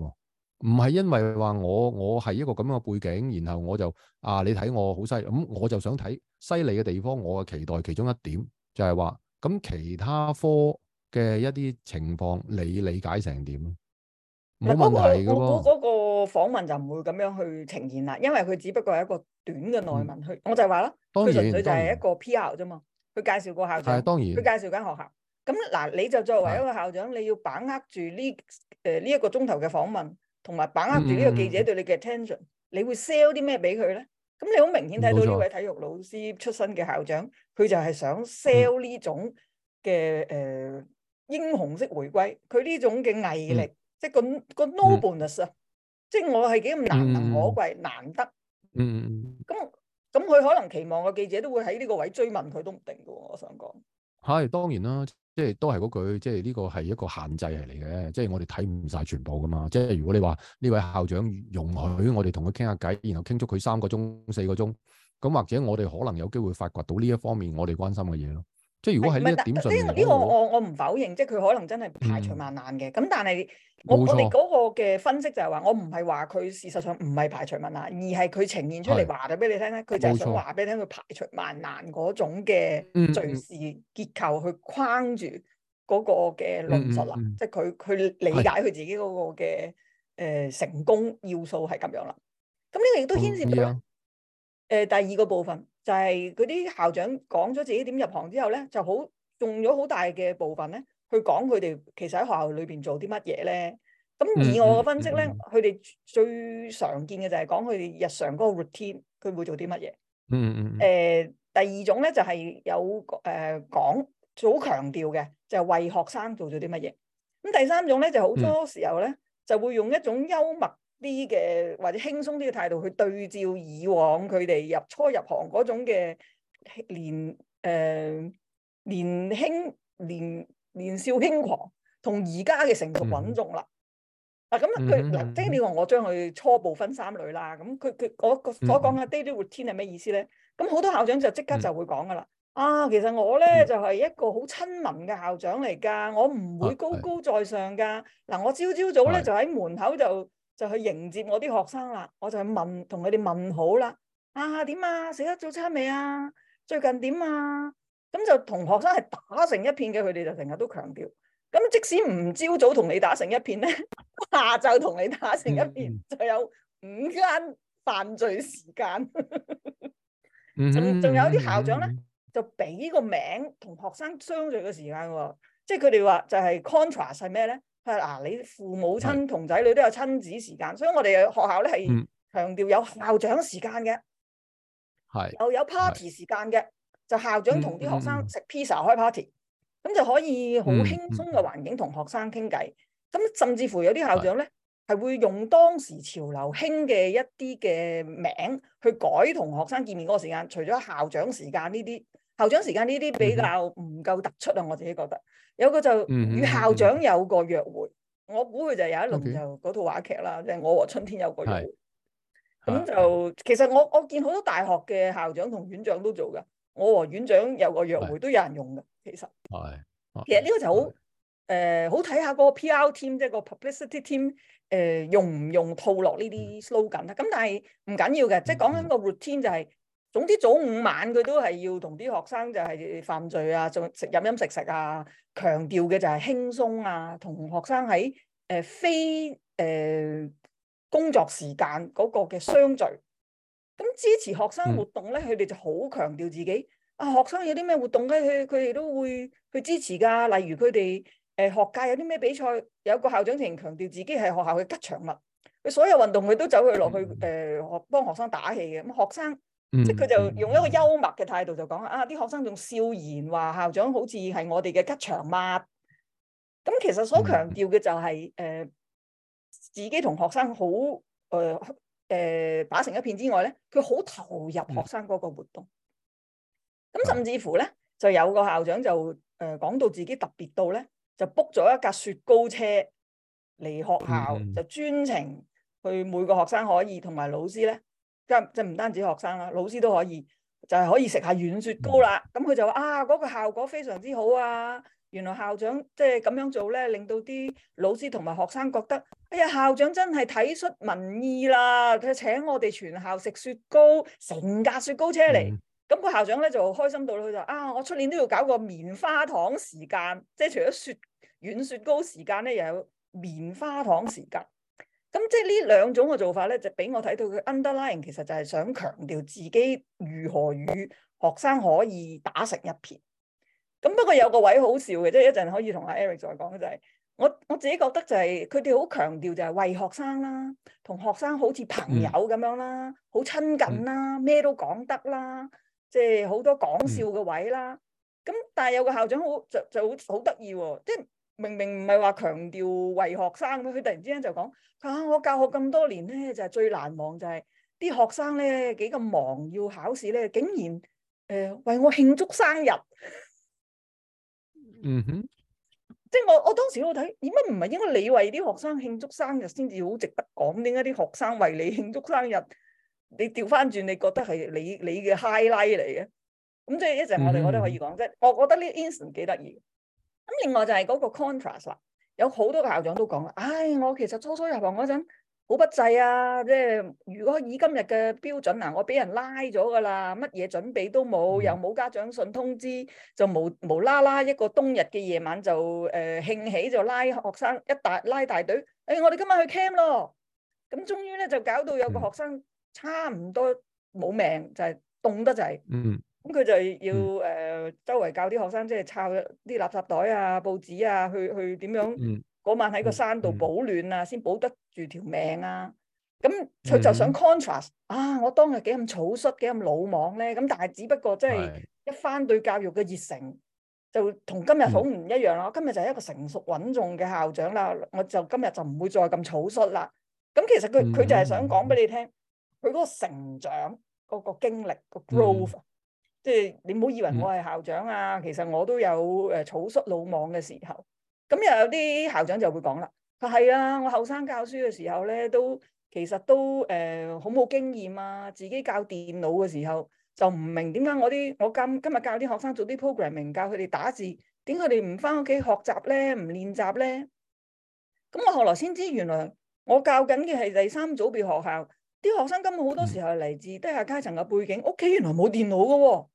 唔係因為話我我係一個咁樣嘅背景，然後我就啊你睇我好犀利，咁我就想睇犀利嘅地方。我嘅期待其中一點就係話咁其他科嘅一啲情況，你理解成點？唔係嗰個，我估嗰個訪問就唔會咁樣去呈現啦，因為佢只不過係一個短嘅內文，去、嗯、我就話啦，佢然純粹就係一個 P.R. 啫嘛，佢介紹個校長，佢介紹間學校。咁嗱，你就作為一個校長，你要把握住呢誒呢一個鐘頭嘅訪問，同埋把握住呢個記者對你嘅 attention，、嗯、你會 sell 啲咩俾佢咧？咁你好明顯睇到呢位體育老師出身嘅校長，佢錯就係想 sell 呢、嗯、種嘅誒、呃、英雄式回歸，佢呢種嘅毅力。嗯即個個 nobleness 啊、嗯， 即我係幾咁難能可貴、嗯、難得，嗯咁咁佢可能期望個記者都會喺呢個位追問佢都唔定嘅喎，我想講。係當然啦，即係都係嗰句，即係呢個係一個限制係嚟嘅，即係我哋睇唔晒全部噶嘛。即係如果你話呢位校長容許我哋同佢傾下偈，然後傾足佢三個鐘、四個鐘，咁或者我哋可能有機會發掘到呢一方面我哋關心嘅嘢咯。即係如果係呢呢個我我唔否認，即係佢可能真係排除萬難嘅。咁、嗯、但係我錯我哋嗰個嘅分析就係話，我唔係話佢事實上唔係排除萬難，而係佢呈現出嚟話咗俾你聽咧，佢就係想話俾你聽，佢錯排除萬難嗰種嘅敘事結構去框住嗰個嘅論述啦。嗯嗯嗯嗯、即係佢佢理解佢自己嗰個嘅誒是、呃、成功要素係咁樣啦。咁呢個亦都牽涉到、嗯。嗯嗯嗯誒、呃、第二個部分就係嗰啲校長講咗自己點入行之後咧，就好用咗好大嘅部分咧去講佢哋其實喺學校裏邊做啲乜嘢咧。咁以我嘅分析咧，佢哋、嗯嗯、最常見嘅就係講佢哋日常嗰個 routine，佢會做啲乜嘢。嗯嗯、呃。第二種咧就係、是、有誒講，好強調嘅就係、是、為學生做咗啲乜嘢。咁第三種咧就好、是、多時候咧、嗯、就會用一種幽默。啲嘅或者輕鬆啲嘅態度去對照以往佢哋入初入行嗰種嘅年誒年輕年年少輕狂，同而家嘅成熟穩重啦。Mm hmm. 啊，咁佢嗱，即你話我將佢初步分三類啦。咁佢佢我個所講嘅 daily routine 係咩意思咧？咁好、mm hmm. 多校長就即刻就會講噶啦。啊，其實我咧、mm hmm. 就係一個好親民嘅校長嚟㗎，我唔會高高在上㗎。嗱、uh, yes. 啊，我朝朝早咧 Yes. 就喺門口就。就去迎接我啲學生啦，我就去問同佢哋問好啦。啊，點啊？食咗早餐未啊？最近點啊？咁就同學生係打成一片嘅，佢哋就成日都強調。咁即使唔朝早同你打成一片咧，下晝同你打成一片就有午間飯聚時間。嗯，仲有啲校長咧，就俾個名同學生相聚嘅時間喎。即係佢哋話就係 contrast 係咩咧？係、啊、你父母親同仔女都有親子時間，是所以我哋學校咧係強調有校長時間嘅，是又有 party 是時間嘅，就校長同啲學生食 pizza 開 party，咁是就可以好輕鬆嘅環境同學生傾偈。咁是甚至乎有啲校長咧係是會用當時潮流興嘅一啲嘅名去改同學生見面嗰個時間。除咗校長時間呢啲，校長時間呢啲比較唔夠突出啊，我自己覺得。有個就與校長有個約會，嗯嗯嗯，我估佢就有一輪就嗰套話劇啦，即係 Okay. 我和春天有個約會。咁是就其實我我見好多大學嘅校長同院長都做噶，我和院長有個約會都有人用噶。是其實，是其實呢個就好誒，好睇下嗰個 PR team 即係個 publicity team 誒、呃、用唔用套落呢啲 slogan 啦。咁、嗯、但係唔緊要嘅，即係講緊個 routine 就係、是。總之早午晚佢都係要同啲學生就係犯罪啊，仲食飲飲食食啊，強調嘅就係輕鬆啊，同學生喺誒、呃、非誒、呃、工作時間嗰個嘅相聚。咁支持學生活動咧，佢哋就好強調自己啊。學生有啲咩活動咧，佢佢哋都會去支持噶。例如佢哋誒學界有啲咩比賽，有個校長層強調自己係學校嘅吉祥物，佢所有運動佢都走去落去誒幫、呃、學生打氣嘅。咁、嗯、學生。即係佢就用一個幽默嘅態度就講、嗯、啊，啲學生仲笑言話校長好似係我哋嘅吉祥物。咁其實所強調嘅就係、是、誒、嗯呃、自己同學生好誒誒打成一片之外咧，佢好投入學生嗰個活動。咁甚至乎咧，就有個校長就誒、呃、講到自己特別到咧，就 book 咗一架雪糕車嚟學校，嗯、就專程去每個學生可以同埋老師咧。即係唔單止學生啦，老師都可以，就係、是、可以食下軟雪糕啦。咁佢、嗯、就話啊，嗰、那個效果非常之好啊。原來校長即係咁樣做咧，令到啲老師同埋學生覺得，哎呀，校長真係睇出民意啦。佢請我哋全校食雪糕，成架雪糕車嚟。咁、嗯、個校長咧就開心到，佢就啊，我出年都要搞個棉花糖時間，即係除咗雪軟雪糕時間咧，又有棉花糖時間。咁即係呢兩種嘅做法咧，就俾我睇到佢 underline 其實就係想強調自己如何與學生可以打成一片。咁不過有個位好笑嘅，即係一陣可以同阿 Eric 再講，就係我我自己覺得就係佢哋好強調就係為學生啦，同學生好似朋友咁樣啦，好親近啦，咩都講得啦，即係好多講笑嘅位啦。咁但係有個校長好就就好好得意喎，即係。明明唔係話強調為學生咁，佢突然之間就講，啊，我教學咁多年咧，就係、是、最難忘就係、是、啲學生咧，幾咁忙要考試咧，竟然誒、呃、為我慶祝生日。嗯哼、mm，hmm。即係我我當時我睇，點解唔係應該你為啲學生慶祝生日先至好值得講？點解啲學生為你慶祝生日？你調翻轉，你覺得係你你嘅 highlight 嚟嘅？咁即係一陣我哋我都可以講啫。Mm hmm. 我覺得呢個 incident 幾得意。咁另外就係嗰個 contrast 啦，有好多校長都講啦，唉、哎，我其實初初入行嗰陣好不濟啊，即係如果以今日嘅標準嗱，我俾人拉咗噶啦，乜嘢準備都冇，又冇家長信通知，就無無啦啦一個冬日嘅夜晚就誒、呃、興起就拉學生一大拉大隊，誒、哎、我哋今日去 camp 咯，咁終於咧就搞到有個學生差唔多冇命，就係、是、凍得滯。嗯。咁佢就要誒、呃、周圍教啲學生，即係抄啲垃圾袋啊、報紙啊，去去點樣，嗰晚喺個山度保暖啊，先保得住條命啊！咁佢就想 contrast、嗯、啊！我當日幾咁草率、幾咁魯莽咧？咁但係只不過即係一翻對教育嘅熱誠，的就同今日好唔一樣咯。嗯、今日就係一個成熟穩重嘅校長啦，我就今日就唔會再咁草率啦。咁其實佢佢就係想講俾你聽，佢嗰個成長嗰、嗰個經歷、個 growth、嗯。即係你唔好以為我係校長啊，其實我都有誒草率魯莽嘅時候。咁又有啲校長就會講啦，佢係啊，我後生教書嘅時候咧，都其實都誒、呃、好冇經驗啊。自己教電腦嘅時候，就唔明點解我啲我今今日教啲學生做啲 programing 教佢哋打字，點解佢哋唔翻屋企學習咧，唔練習咧。咁我後來先知，原來我教緊嘅係第三組別學校。啲學生根本好多時候嚟自低下階層嘅背景，屋企原來冇電腦嘅。哦，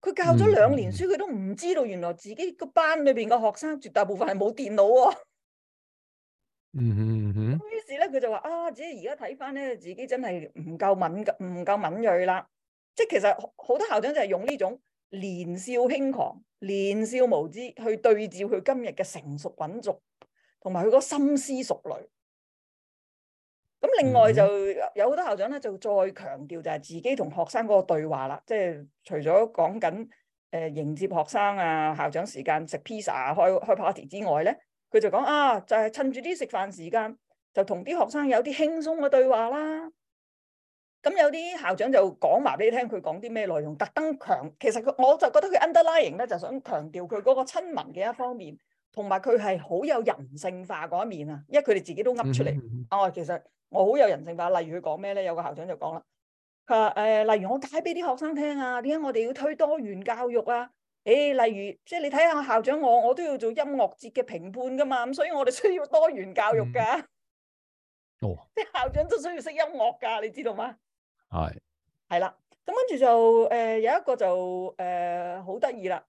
佢教咗兩年書，佢都唔知道原來自己個班裏邊嘅學生絕大部分係冇電腦。哦。嗯哼，嗯哼，咁於是咧，佢就話啊，自己而家睇翻咧，自己真係唔夠敏唔夠敏銳啦。即係其實好多校長就係用呢種年少輕狂、年少無知去對照佢今日嘅成熟穩重，同埋佢嗰深思熟慮。咁另外就有好多校長咧，就再強調就係自己同學生嗰個對話啦。即係除咗講緊誒迎接學生啊，校長時間食披薩啊，開開 party 之外咧，佢就講啊，就係趁住啲食飯時間，就同啲學生有啲輕鬆嘅對話啦。咁有啲校長就講埋俾你聽，佢講啲咩內容，特登強，其實佢我就覺得佢 underlining 咧，就想強調佢嗰個親民嘅一方面，同埋佢係好有人性化嗰一面啊。因為佢哋自己都噏出嚟， 啊，其實。我好有人性化，例如佢講咩咧？有個校長就講啦，佢誒、呃，例如我帶俾啲學生聽啊，點解我哋要推多元教育啊？誒，例如即係你睇下校長我，我都要做音樂節嘅評判噶嘛，咁所以我哋需要多元教育噶，嗯。哦，即係校長都需要識音樂噶，你知道嗎？係係啦，咁跟住就誒、呃、有一個就誒好得意啦，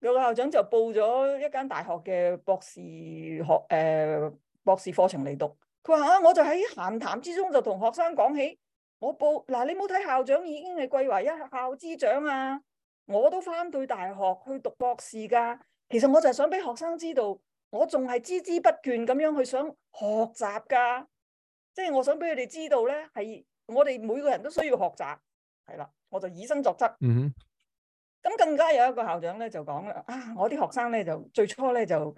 有個校長就報咗一間大學嘅博士學誒、呃、博士課程嚟讀。佢話我就喺閒談之中就同學生講起，我報嗱，啊，你冇睇校長已經係貴為一校之長啊，我都返到大學去讀博士噶。其實我就係想俾學生知道，我仲係孜孜不倦咁樣去想學習噶，即係我想俾佢哋知道咧，係我哋每個人都需要學習，係啦，我就以身作則。嗯咁、mm hmm. 更加有一個校長咧就講啦，啊，我啲學生咧就最初咧就。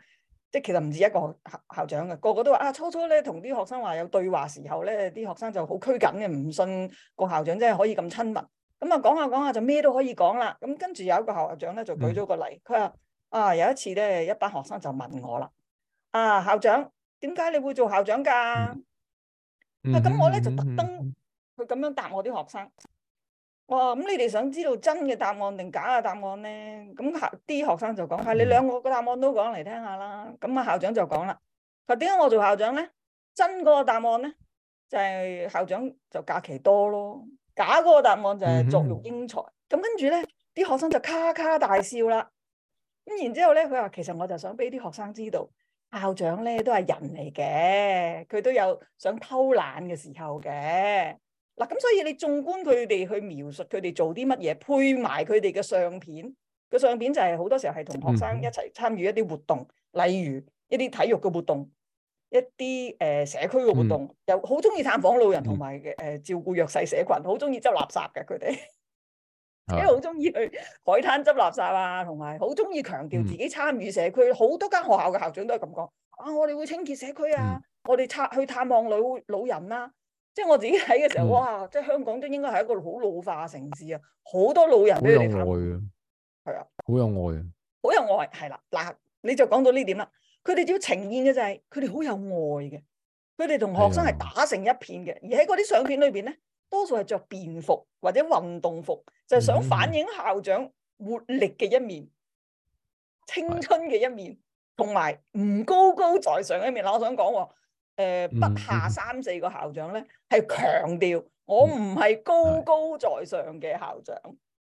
即係其實唔止一個校校長嘅，個個都話啊，初初咧同啲學生話有對話時候咧，啲學生就好拘謹嘅，唔信個校長真係可以咁親密。咁啊講下講下就咩都可以講啦。咁跟住有一個校長咧就舉咗個例，佢話、嗯、啊有一次咧一班學生就問我啦，啊校長點解你會做校長㗎？嗯嗯、啊咁、嗯嗯嗯啊、我咧就特登佢咁樣答我啲學生。咁、哦、你哋想知道真嘅答案定假嘅答案咧？咁啲學生就講，係、嗯、你兩個個答案都講嚟聽下啦。咁啊校長就講啦，佢點解我做校長咧？真嗰個答案咧，就係、是、校長就假期多咯；假嗰個答案就係作育英才。咁跟住咧，啲學生就咔咔大笑啦。咁然之後咧，佢話其實我就想俾啲學生知道，校長咧都係人嚟嘅，佢都有想偷懶嘅時候嘅。嗱，咁、啊、所以你縱觀佢哋去描述佢哋做啲乜嘢，配埋佢哋嘅相片。個相片就係好多時候係同學生一齊參與一啲活動，嗯、例如一啲體育嘅活動，一啲誒、呃、社區嘅活動。嗯、又好中意探訪老人同埋嘅誒照顧弱勢社群，好中意執垃圾嘅佢哋，即係好中意去海灘執垃圾啊，同埋好中意強調自己參與社區。好、嗯嗯、多間學校嘅校長都係咁講啊，我哋會清潔社區啊，我哋探去探望老人、啊、老人啦。人即係我自己睇嘅時候，嗯、哇！即係香港都應該係一個好老化城市啊，好多老人俾你探。好有愛啊。係啊，好有愛啊，好有愛，係啦，嗱，你就講到呢點啦，佢哋主要呈現嘅就係佢哋好有愛嘅，佢哋同學生係打成一片嘅，啊、而喺嗰啲相片裏邊咧，多數係着便服或者運動服，就係、是、想反映校長活力嘅一面、嗯、青春嘅一面，同埋唔高高在上嘅一面。嗱，我想講。誒、呃，北下三四個校長咧，係強調我唔係高高在上嘅校長。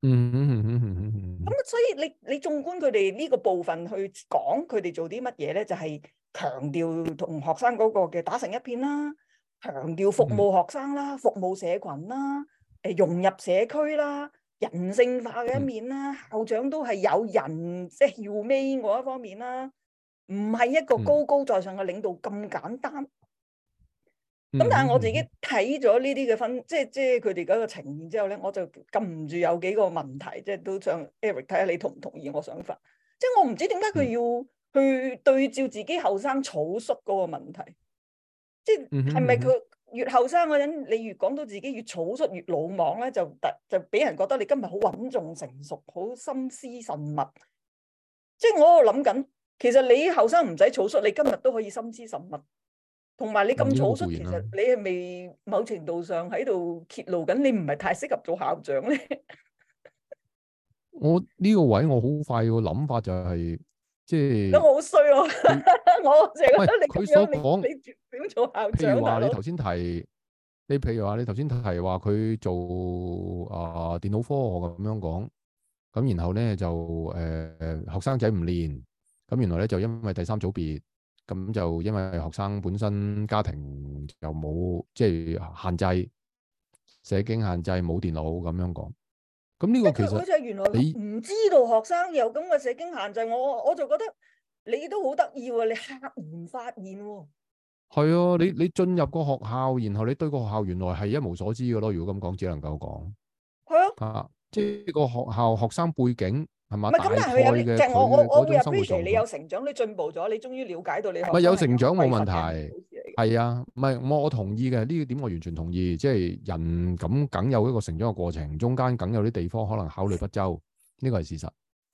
嗯嗯嗯嗯嗯嗯。咁、嗯嗯嗯、所以你你縱觀佢哋呢個部分去講佢哋做啲乜嘢咧，就係強調同學生嗰個嘅打成一片啦，強調服務學生啦，嗯、服務社群啦，誒融入社區啦，人性化嘅一面啦，嗯、校長都係有人即係要 u 嗰一方面啦。唔係一個高高在上嘅領導咁簡單，咁、嗯、但係我自己睇咗呢啲嘅分，嗯、即係即係佢哋嗰個呈現之後咧，我就撳唔住有幾個問題，即係都想 Eric 睇下你同唔同意我想法。即係我唔知點解佢要去對照自己後生草率嗰個問題，嗯、即係係咪佢越後生嗰陣，嗯嗯、你越講到自己越草率越魯莽咧，就突就俾人覺得你今日好穩重成熟，好心思慎密。即係我喺度諗緊。其實你後生唔使草率，你今日都可以心知慎密。同埋你咁草率，其實你係未某程度上喺度揭露緊，你唔係太適合做校長咧。我呢個位我好快個諗法就係、是，即係、啊、他 我好衰咯，我成日覺得佢想講你點做校長？譬如話你頭先提，等提，你譬如話你頭先提話佢做啊電腦科學咁樣講，咁然後咧就誒、呃、學生仔唔練。咁原來咧就因為第三組別，咁就因為學生本身家庭又冇即係限制，社經限制冇電腦咁樣講。咁呢個其實原來你唔知道學生有咁嘅社經限制，我我就覺得你都好得意喎，你刻意發現喎。係啊，你啊啊你進入個學校，然後你對個學校原來係一無所知噶咯。如果咁講，只能夠講係啊，即係、啊這個學校學生背景，係咪？唔係咁，但係佢有嘅，即係我我我會話、er, 你有成長，你進步咗，你終於了解到你。唔係有成長冇問題，係啊，唔係我我同意嘅呢個點，我完全同意。即係人咁梗有一個成長嘅過程，中間梗有啲地方可能考慮不周，呢個係事實。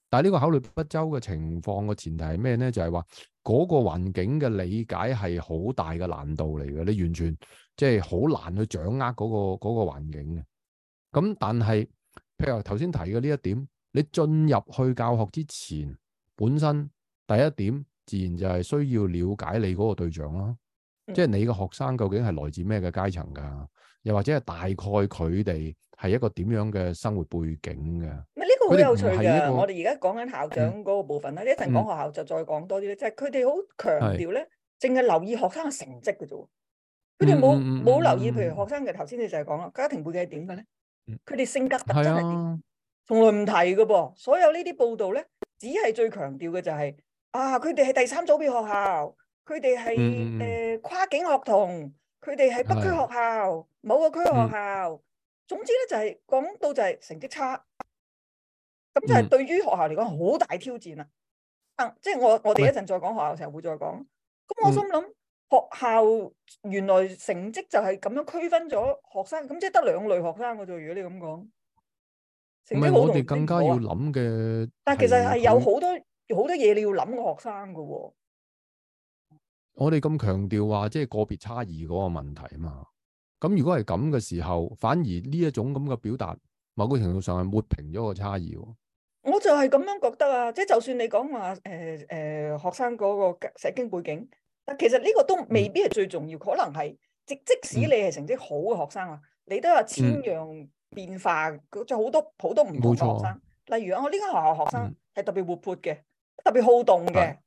但係呢個考慮不周嘅情況嘅前提係咩咧？就係話嗰個環境嘅理解係好大嘅難度嚟嘅，你完全即係好難去掌握嗰個嗰個環境嘅。咁但係，譬如頭先提嘅呢一點。你進入去教學之前，本身第一點自然就係需要了解你嗰個對象咯、啊，即係你嘅學生究竟係來自咩嘅階層㗎？又或者係大概佢哋係一個點樣嘅生活背景嘅？唔係呢個好有趣㗎！我哋而家講緊校長嗰個部分啦，一陣、嗯、講學校就再講多啲啦。即係佢哋好強調咧，淨係是留意學生嘅成績㗎啫，佢哋冇冇留意？譬如學生嘅頭先你就係講啦，家庭背景係點嘅咧？佢哋、嗯嗯嗯嗯、性格特質從來唔提嘅噃，所有呢啲報道咧，只係最強調嘅就係、是、啊，佢哋係第三組別學校，佢哋係誒跨境學童，佢哋係北區學校，吧某個區學校，嗯、總之咧就係、是、講到就係成績差，咁就係對於學校嚟講好大挑戰啦、嗯啊。即係我我哋一陣再講學校嘅時候會再講。咁我心諗、嗯、學校原來成績就係咁樣區分咗學生，咁即係得兩類學生嘅啫。如果你咁講。唔係，我哋更加要諗嘅、啊。但係其實係有好多好多嘢你要諗個學生噶、哦。我哋咁強調話，即、就、係、是、個別差異嗰個問題啊嘛。咁如果係咁嘅時候，反而呢一種咁嘅表達，某個程度上係抹平咗個差異。我就係咁樣覺得啊，即係就算你講話誒誒，學生嗰個社經背景，但其實呢個都未必係最重要，嗯、可能係即即使你係成績好嘅學生啊，嗯、你都有千樣。嗯變化，就好多好多唔同學生。錯例如啊，我呢間學校學生係特別活潑嘅，嗯、特別好動嘅。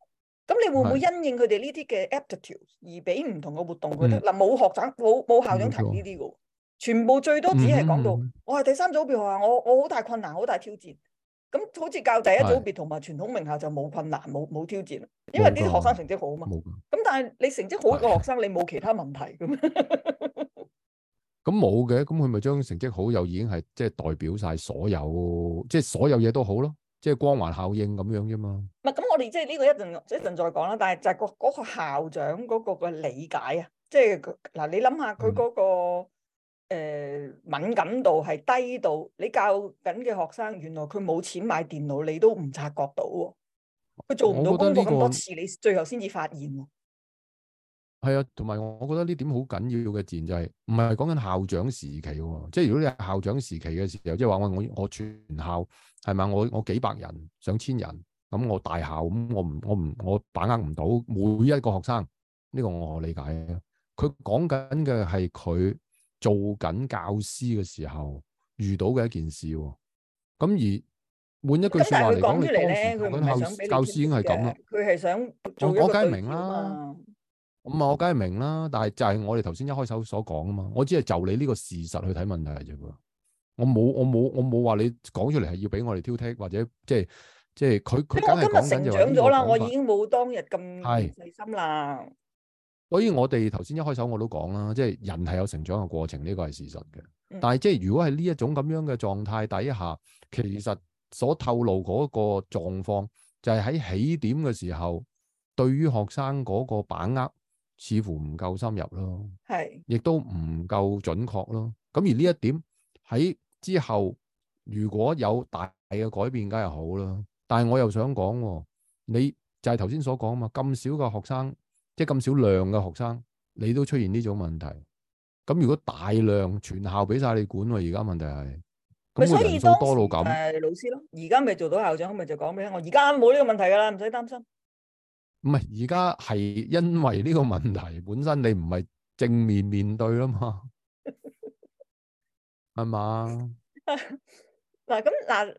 咁、嗯、你會唔會因應佢哋呢啲嘅 aptitude 而俾唔同嘅活動佢哋？嗱、嗯，冇學長冇冇校長提呢啲嘅，錯全部最多只係講到我係、嗯哼哦、第三組別學校啊！我我好大困難，好大挑戰。咁好似教第一組別同埋傳統名校就冇困難，冇冇挑戰，因為呢啲學生成績好啊嘛。咁但係你成績好嘅學生，錯你冇其他問題咁。 咁冇嘅，咁佢咪將成績好又已經係即係代表晒所有，即係所有嘢都好咯，即係光環效應咁樣啫嘛。唔係，咁我哋即係呢個一陣一陣再講啦。但係就係個嗰個校長嗰個嘅理解啊，即係嗱你諗下佢嗰個誒敏感度係低到，你教緊嘅學生原來佢冇錢買電腦，你都唔察覺到喎。佢做唔到工作咁多次，你最後先至發現喎。係啊，同埋我覺得呢點好緊要嘅自然就係唔係講緊校長時期喎，即係如果你係校長時期嘅時候，即係話我我我全校係咪？我我幾百人、上千人，咁、嗯、我大校咁我唔我唔我把握唔到每一個學生，呢、這個我理解啊。佢講緊嘅係佢做緊教師嘅時候遇到嘅一件事喎。咁而換一句説話嚟講，佢講出嚟咧，教師已經係咁啦。佢係想做我梗係明啦、啊。咁啊，我梗係明啦，但係就係我哋頭先一開手所講啊嘛，我只係就你呢個事實去睇問題啫喎，我冇我冇我冇話你講出嚟係要俾我哋挑剔或者即係即係佢佢今日成長咗啦，我已經冇當日咁細心啦。所以我哋頭先一開手我都講啦，即係人係有成長嘅過程，呢個係事實嘅。但係即係如果係呢一種咁樣嘅狀態底下，其實所透露嗰個狀況就係喺起點嘅時候，對於學生嗰個把握。似乎唔夠深入咯，係，亦都唔夠準確咯。咁而呢一點喺之後，如果有大嘅改變，梗係好啦。但係我又想講，你就係頭先所講啊嘛，咁少嘅學生，即係咁少量嘅學生，你都出現呢種問題。咁如果大量全校俾曬你管，而家問題係，咁個人數多到咁，誒你老師咯，而家未做到校長，咪就講俾我。而家冇呢個問題㗎啦，唔使擔心。唔係，而家係因為呢個問題本身，你唔係正面面對啦嘛，係嘛 吧？嗱咁嗱，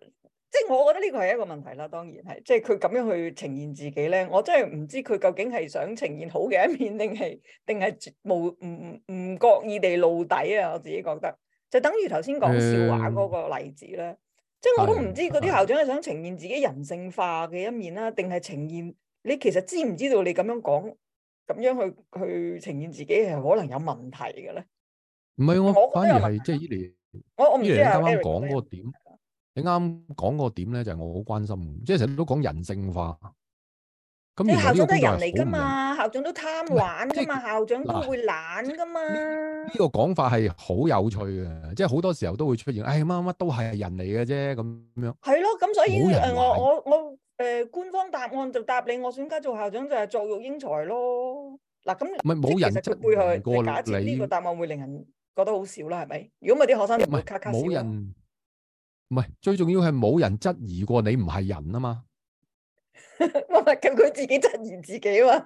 即係我覺得呢個係一個問題啦。當然係，即係佢咁樣去呈現自己咧，我真係唔知佢究竟係想呈現好嘅一面，定係定係無唔唔覺意地露底啊？我自己覺得就等於頭先講笑話嗰、嗯、個例子咧，即係我都唔知嗰啲校長係想呈現自己人性化嘅一面啦，定係 是 呈現。你其實知唔知道你咁樣講，咁樣去去呈現自己係可能有問題嘅咧？唔係我反而係即係呢，嚟、 e，我我唔知你啱啱講嗰個點。 你啱啱講嗰個點咧，就係我好關心嘅即係成日都講人性化。咁而家呢個工作係好唔？校長都係人嚟㗎嘛，校長都貪玩㗎嘛，這校長都會懶㗎嘛。呢個講法係好有趣嘅，即係好多時候都會出現。唉、哎，乜乜都係人嚟嘅啫，咁樣。係咯，咁所以我我、嗯、我。我我我我誒、呃，官方答案就答你，我選家做校長就係作育英才咯。嗱、啊，咁唔係冇人質疑過你，假設呢個答案會令人覺得好笑啦，係咪？如果咪啲學生唔係冇人，唔係最重要係冇人質疑過你唔係人啊嘛。唔，咁佢自己質疑自己嘛。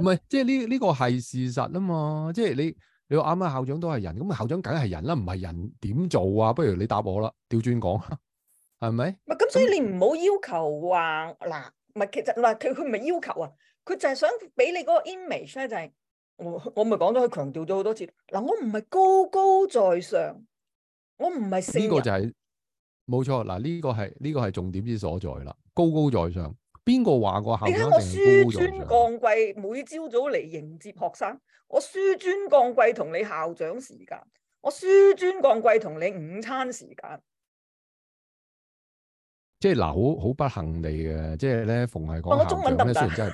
唔 係，即係呢呢個係事實啊嘛。即係你你話啱啱校長都係人，咁校長梗係人啦，唔係人點做啊？不如你答我啦，調轉講。係咪？係咁，所以你唔好要求話嗱，唔係其實嗱，佢佢唔係要求啊，佢、嗯啊、就係想俾你嗰個 image 咧，就係、是、我我咪講咗，佢強調咗好多次嗱，我唔係高高在上，我唔係呢個就係冇錯嗱，呢、這個係呢、這個係重點之所在啦，高高在上，邊個話個校長高高在上？你睇我紆尊降貴，每朝早嚟迎接學生，我紆尊降貴同你校長時間，我紆尊降貴同你午餐時間。即係嗱，好好不幸嚟嘅，即係咧，逢係講校長咧，雖然真係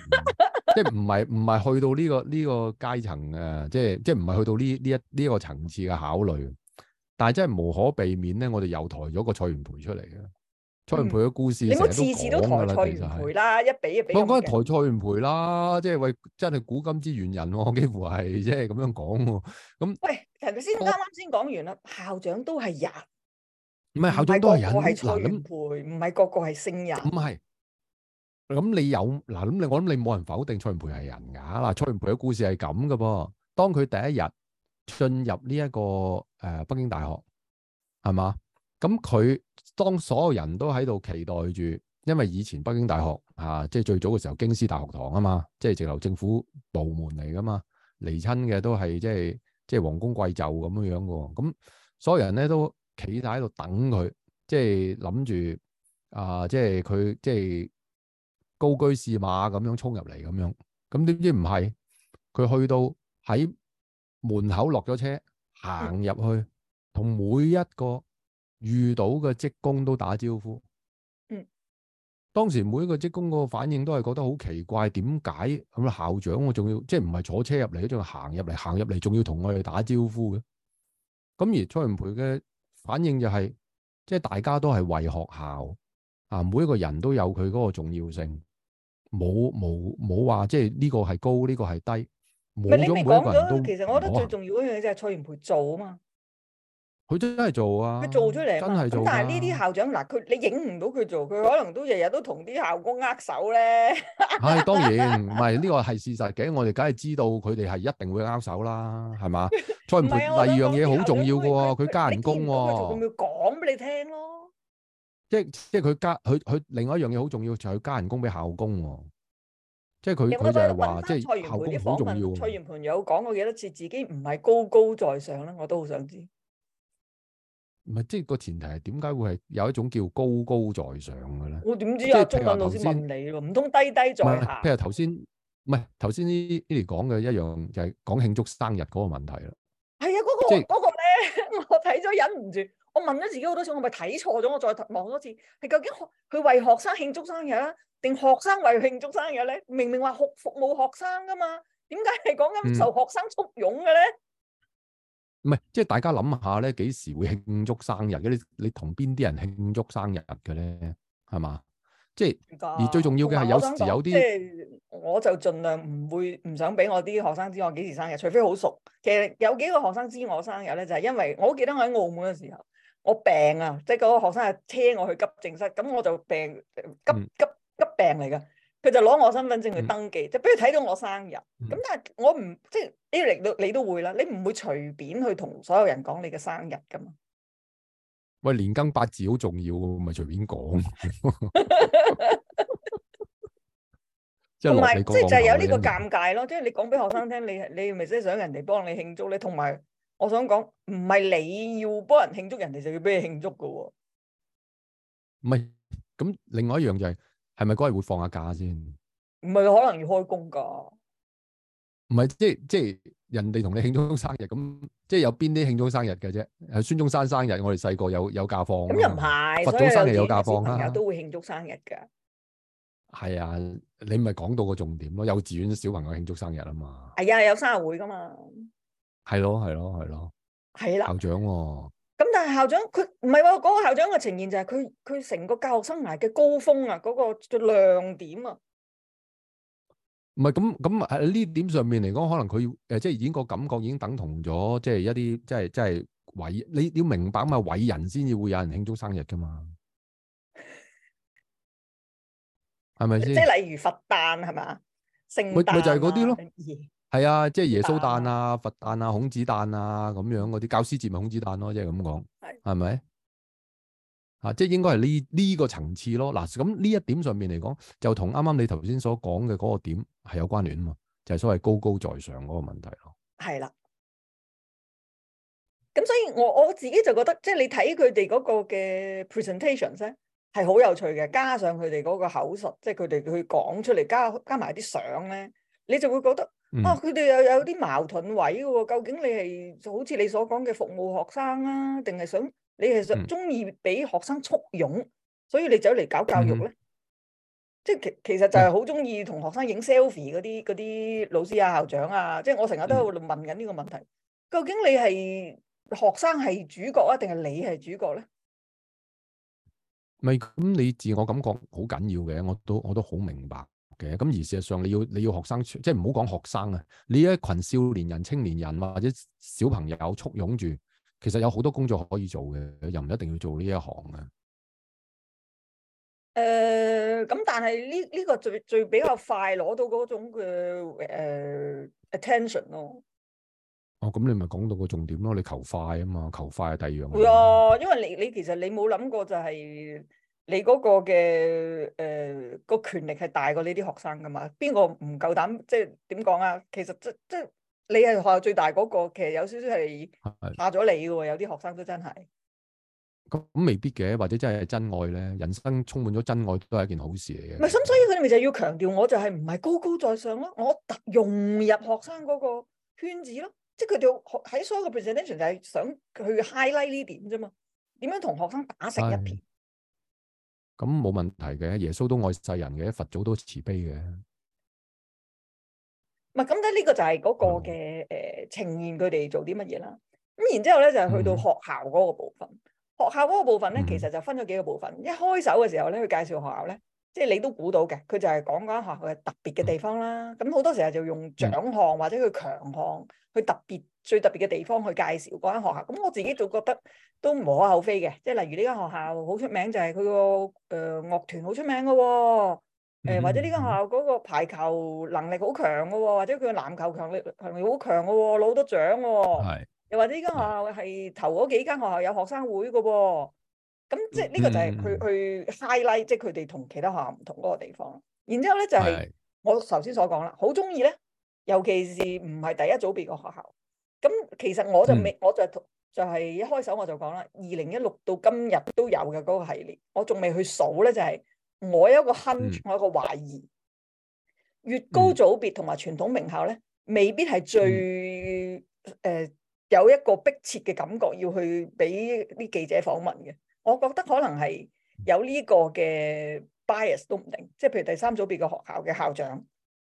即係唔係唔係去到呢、呢個呢、呢個階層啊，即係即係唔係去到呢呢一呢一個層次嘅考慮，但係真係無可避免咧，我哋又抬咗個蔡元培出嚟嘅，蔡元培嘅故事、嗯，你唔好次次都抬蔡元培啦，培一比一比唔～我講抬蔡元培啦，即係喂，真係古今之完人喎，幾乎係即係咁樣講喎，咁喂，頭先啱啱先講完啦，我校長都係也。唔係是校長都係人，嗱咁唔係個個係聖人。唔係咁你有嗱咁，我諗你冇人否定蔡元培係人噶嗱，蔡元培嘅故事係咁噶噃，當佢第一日進入呢、這、一個誒、呃、北京大學，係嘛？咁佢當所有人都喺度期待住，因為以前北京大學吓，即、啊、係、就是、最早嘅時候京師大學堂啊嘛，即、就、係、是、直頭政府部門嚟噶嘛，嚟親嘅都係即係即係皇宮貴胄咁樣樣噶。咁所有人咧都，都企喺度等佢，即係諗住啊，即係佢即係高居士馬咁樣衝入嚟咁樣，咁、嗯、點、嗯、知唔係？佢去到喺門口落咗車，行入去，同每一個遇到嘅職工都打招呼。嗯，當時每一個職工嗰個反應都係覺得好奇怪，點解咁校長我仲要即係唔係坐車入嚟，仲要行入嚟，行入嚟仲要同我哋打招呼嘅？咁、嗯、而蔡元培嘅。反應就係、是，即係大家都係為學校啊，每一個人都有佢嗰個重要性，冇冇冇話即係呢個係高，呢、這個係低，冇咗每一個人都，其實我覺得最重要一樣嘢就係蔡元培做啊嘛。佢真係做啊！佢做出嚟，真係做。但係呢啲校長嗱，佢你影唔到佢做，佢可能都日日都同啲校工握手咧。係當然，唔係呢個係事實嘅。我哋梗係知道佢哋係一定會握手啦，係嘛？蔡元培第二樣嘢好重要噶，佢加人工。佢仲會講俾你聽咯。即係即係佢加佢佢另外一樣嘢好重要，就係佢加人工俾校工。即係佢佢就係話，即係校工好重要。蔡元培有講過幾多次自己唔係高高在上啦？我都好想知。唔係，即係個前提係點解會係有一種叫高高在上嘅咧？我點知啊？中文老師問你喎，唔通低低在下？譬如頭先，唔係頭先呢啲講嘅一樣，就係講慶祝生日嗰個問題啦。係啊，嗰、嗰個嗰咧、就係，我睇咗忍唔住，我問咗自己好多次，我咪睇錯咗，我再望多次，係究竟學佢為學生慶祝生日啊，定學生為慶祝生日咧？明明話服服務學生噶嘛，點解係講緊受學生簇擁嘅咧？嗯唔係，即係大家諗下咧，幾時會慶祝生日嘅？你你同邊啲人慶祝生日嘅咧？係嘛？即係而最重要嘅係有，有，有時有啲，我就盡量唔會唔想俾我啲學生知我幾時生日，除非好熟。其實有幾個學生知我生日咧，就係、係、因為我記得我喺澳門嘅時候，我病啊，即係嗰個學生係車我去急症室，咁我就病急急急病嚟㗎。嗯佢就攞我身份證去登記，就俾佢睇到我生日。咁但係我唔即係，Erick 你都會啦，你唔會隨便去同所有人講你嘅生日㗎嘛。喂，年庚八字好重要，咪隨便講？即係唔係，即係就係有呢個尷尬咯。即係你講俾學生聽，你你咪即係想人哋幫你慶祝咧。同埋，我想講，唔係你要幫人慶祝，人哋就要俾你慶祝噶。唔係，咁另外一樣就係。係咪嗰日會放下假先？唔係，可能要開工噶。唔係，即係即係人哋同你慶祝生日咁，即係有邊啲慶祝生日嘅啫？誒，孫中山生日，我哋細個有有假放，啊。咁又唔係？佛祖生日有假放啦。都會慶祝生日噶。係啊，你咪講到個重點咯，幼稚園小朋友慶祝生日啊嘛。係啊、哎，有生日會噶嘛。係咯，係咯，係咯。係啦，校長喎。咁但係校長佢唔係喎，嗰個校長嘅呈現就係佢佢成個教學生涯嘅高峰啊，嗰個亮點啊。唔係咁咁喺呢點上面嚟講，可能佢誒即係已經個感覺已經等同咗，即係一啲即係即係偉，你要明白嘛，偉人先至會有人慶祝生日㗎嘛，係咪先？即係例如佛誕係嘛？聖誕咪咪就係嗰啲咯。係啊，即係耶穌誕啊、佛誕啊、孔子誕啊，咁樣嗰啲教師節咪孔子誕咯，啊，即係咁講，係咪是？啊，即係應該係呢呢個層次咯。嗱，啊，咁呢一點上面嚟講，就同啱啱你頭先所講嘅嗰個點係有關聯啊嘛，就係、是、所謂高高在上嗰個問題咯。係啦，咁所以我我自己就覺得，即係你睇佢哋嗰個嘅 presentation 咧，係好有趣嘅。加上佢哋嗰個口述，即係佢哋去講出嚟，加加埋啲相咧，你就會覺得。啊！佢哋、哦、又有啲矛盾位㗎喎，究竟你係好似你所講嘅服務學生啊，定係想你係想中意俾學生簇擁，所以你走嚟搞教育咧？嗯、即係其其實就係好中意同學生影 selfie 嗰啲啲老師啊、校長啊，即係我成日都喺度問緊呢個問題，嗯、究竟你係學生係主角啊，定係你係主角咧？咪咁、嗯、你自我感覺好緊要嘅，我都我都好明白。嘅。咁而事實上你要你要學生即係，唔好講學生啊，呢一群少年人、青年人或者小朋友簇擁住，其實有好多工作可以做嘅，又唔一定要做呢一行啊。誒、呃，咁但係呢，呢個最最比較快攞到嗰種嘅誒、呃、attention 咯。哦，咁你咪講到個重點咯，你求快啊嘛，求快係第二樣。係啊，因為你你其實你冇諗過就係、是。你嗰個嘅誒、呃嗰個權力係大過呢啲學生噶嘛？邊個唔夠膽？即係點講啊？其實即即你係學校最大嗰、嗰個，其實有少少係怕咗你嘅喎。的有啲學生都真係咁咁未必嘅，或者真係真愛咧。人生充滿咗真愛都係一件好事嚟嘅。唔係，咁所以佢哋咪就要強調我，我就係唔係高高在上咯，我融入學生嗰個圈子咯。即係佢哋喺所有嘅 presentation 就係想去 highlight 呢點啫嘛。點樣同學生打成一片？咁冇問題嘅，耶穌都愛世人嘅，佛祖都慈悲嘅。唔係咁咧，呢個就係嗰個嘅誒、呃呃，呈現佢哋做啲乜嘢啦。咁、嗯嗯、然之後咧就係去到學校嗰個部分，學校嗰個部分咧其實就分咗幾個部分。嗯、一開手嘅時候咧，佢介紹學校咧，即係你都估到嘅，佢就係講嗰間學校嘅特別嘅地方啦。咁好、嗯、多時候就用獎項或者佢強項。嗯去特別最特別嘅地方去介紹嗰間學校，咁我自己就覺得都無可厚非嘅。即係例如呢間學校好出名，就係佢個誒樂團好出名嘅喎、哦呃，或者呢間學校嗰個排球能力好強嘅喎、哦，或者佢嘅籃球強力能力好強嘅喎、哦，攞好多獎喎、哦。是又或者呢間學校係頭嗰幾間學校有學生會嘅喎、哦。咁即係呢個就係佢去、嗯、去 highlight，即係佢哋同其他學校唔同嗰個地方。然之後咧就係、是、是我頭先所講啦，好中意咧。尤其是唔係第一組別嘅學校，咁其實我就未，嗯、我就就係一開手我就講啦，二零一六到今日都有嘅嗰個系列，我仲未去數咧，就係我有一個 hunch，我一個懷疑，越高組別同埋傳統名校咧，未必係最誒、呃、有一個迫切嘅感覺要去俾啲記者訪問嘅。我覺得可能係有呢個嘅 bias 都唔定，即係譬如第三組別嘅學校嘅校長。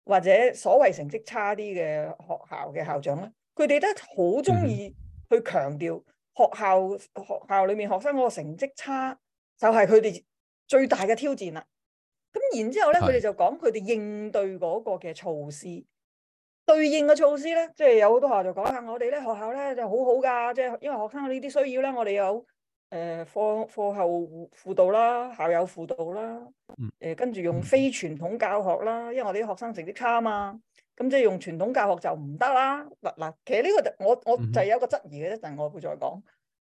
或者所謂成績差啲嘅學校嘅校長咧，佢哋都好中意去強調學校、嗯、學校裏面學生嗰個成績差就係佢哋最大嘅挑戰啦。咁然之後咧，佢哋就講佢哋應對嗰個嘅措施是對應嘅措施咧，即係有好多學校就講下我哋咧學校咧就好好噶，即係因為學生呢啲需要咧，我哋有。誒，課課後輔導啦，校友輔導啦，誒、呃，跟住用非傳統教學啦，因為我哋啲學生成績差啊嘛，咁即係用傳統教學就唔得啦。嗱嗱，其實呢個我我就有一個質疑嘅啫，但我會再講。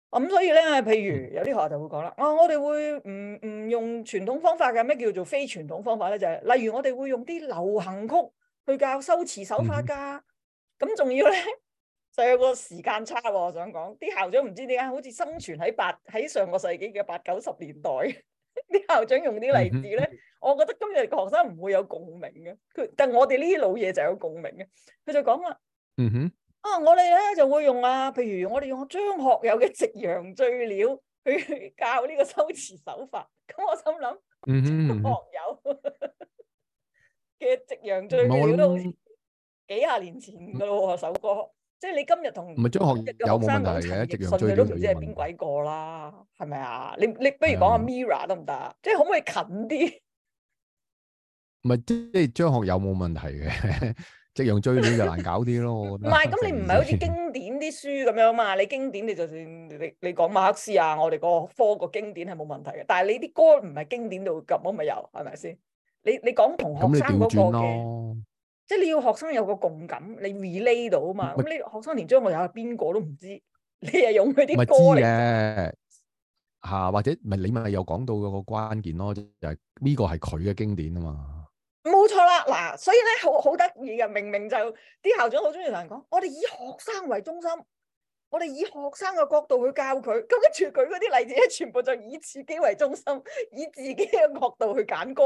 咁所以咧，譬如有啲學校就會講啦，啊，我我哋會唔唔用傳統方法嘅，咩叫做非傳統方法咧？就係例如我哋會用啲流行曲去教修辭手法噶，咁仲要咧。就有個時間差，我想講啲校長唔知點解，好似生存喺八喺上個世紀嘅八九十年代，啲 校長用啲例子咧，mm hmm. 我覺得今日嘅學生唔會有共鳴嘅。佢但係我哋呢啲老嘢就有共鳴嘅。佢就講啦，嗯哼、mm，hmm. 啊，我哋咧就會用啊，譬如我哋用張學友嘅《夕陽醉了》去教呢個修辭手法。咁我心諗，嗯哼、mm，hmm. 張學友嘅《夕陽醉了》、mm hmm. 都好似幾廿年前噶咯，首歌。即係你今日同唔係張學友有冇問題啊？直陽追女都唔知係邊鬼個啦，係咪啊？你你不如講阿 Mirror 得唔得啊？即係可唔可以近啲？唔係即係張學友冇問題嘅，直陽追女就難搞啲咯。我覺得唔係咁，你唔係好似經典啲書咁樣嘛？你經典，你就算你你講馬克思啊，我哋個科個經典係冇問題嘅。但係你啲歌唔係經典到咁，咁咪又係咪先？你你講同學生嗰個。即係你要學生有個共感，你 relate 到啊嘛。咁你學生連張學友係邊個都唔知，你係用佢啲歌嚟。唔知嘅，嚇或者唔係你咪又講到個關鍵咯，就係呢個係佢嘅經典啊嘛。冇錯啦，嗱，所以咧好好得意嘅，明明就啲校長好中意同人講，我哋以學生為中心，我哋以學生嘅角度去教佢。咁跟住佢嗰啲例子咧，全部就以自己為中心，以自己嘅角度去揀歌。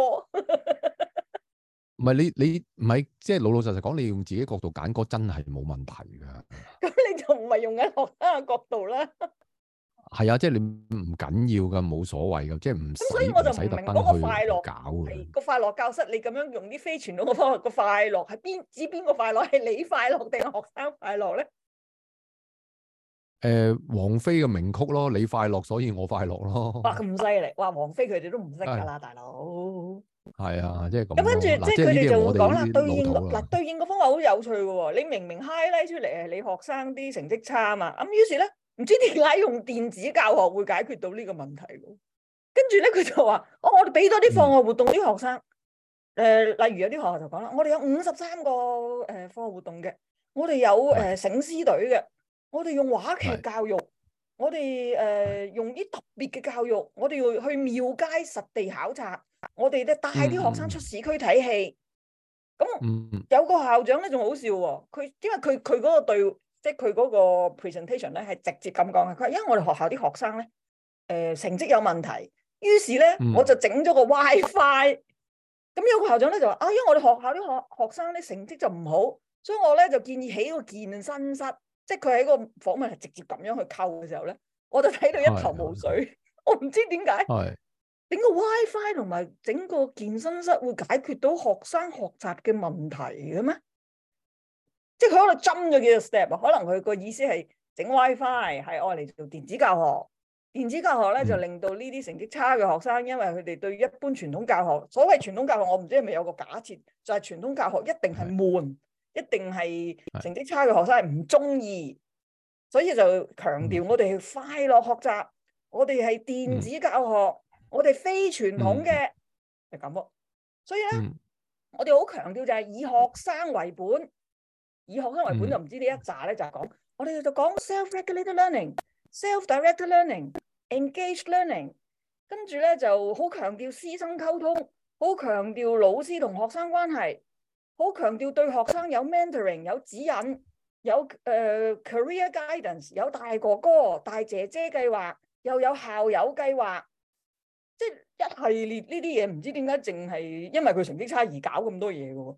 唔係你你唔係即係老老實實講，你用自己角度揀歌真係冇問題噶。咁 你就唔係用緊學生嘅角度啦。係 啊，即係你唔緊要噶，冇所謂噶，即係唔使唔使特登去個快樂搞個快樂教室，你咁樣用啲非傳統嘅方法、那個快樂係邊指邊個快樂係你快樂定係學生快樂咧？誒、呃，王菲嘅名曲咯，你快樂所以我快樂咯。哇，咁犀利！哇，王菲佢哋都唔識噶啦，大佬。係啊，即係咁。咁跟住，即係佢哋就會講啦，對應嗱，對應個方法好有趣嘅，哦。你明明 highlight 出嚟係你學生啲成績差啊嘛，咁於是咧，唔知點解用電子教學會解決到呢個問題？跟住咧，佢就話哦，我哋俾多啲課外活動啲學生。誒、嗯呃，例如有啲學校就講啦，我哋有五十三個誒課外活動嘅，我哋有誒醒獅隊嘅，我哋用話劇教育。我哋誒、呃、用啲特別嘅教育，我哋要去廟街實地考察，我哋咧帶啲學生出市區睇戲。咁、嗯、有個校長咧仲好笑喎、哦，佢因為佢佢嗰個對，即、就、係、是、佢嗰個 presentation 咧係直接咁講嘅。佢話因為我哋學校啲學生咧誒、呃、成績有問題，於是咧、嗯、我就整咗個 WiFi。咁有個校長咧就話：啊，因為我哋學校啲學學生咧成績就唔好，所以我咧就建議起個健身室。即係佢喺個訪問係直接咁樣去扣嘅時候咧，我就睇到一頭霧水，的 我唔知點解。的整個 WiFi 同埋整個健身室會解決到學生學習嘅問題嘅咩？即係佢喺度跳咗幾個 step 啊？可能佢個意思係整 WiFi 係愛嚟做電子教學，電子教學咧就令到呢啲成績差嘅學生，的因為佢哋對一般傳統教學，所謂傳統教學，我唔知係咪有個假設，就係、是、傳統教學一定係悶。一定係成績差嘅學生係唔中意，所以就強調我哋係快樂學習，我哋係電子教學，嗯、我哋非傳統嘅係咁咯。所以咧，嗯、我哋好強調就係以學生為本，以學生為本就唔知一呢一紮咧就係講，我哋就講 self-regulated learning self、self-directed learning、engaged learning，跟住咧就好強調師生溝通，好強調老師同學生關係。好強調對學生有 mentoring、有指引、有誒、呃、career guidance、有大哥哥、大姐姐計劃，又有校友計劃，即係一系列呢啲嘢，唔知點解淨係因為佢成績差而搞咁多嘢嘅喎，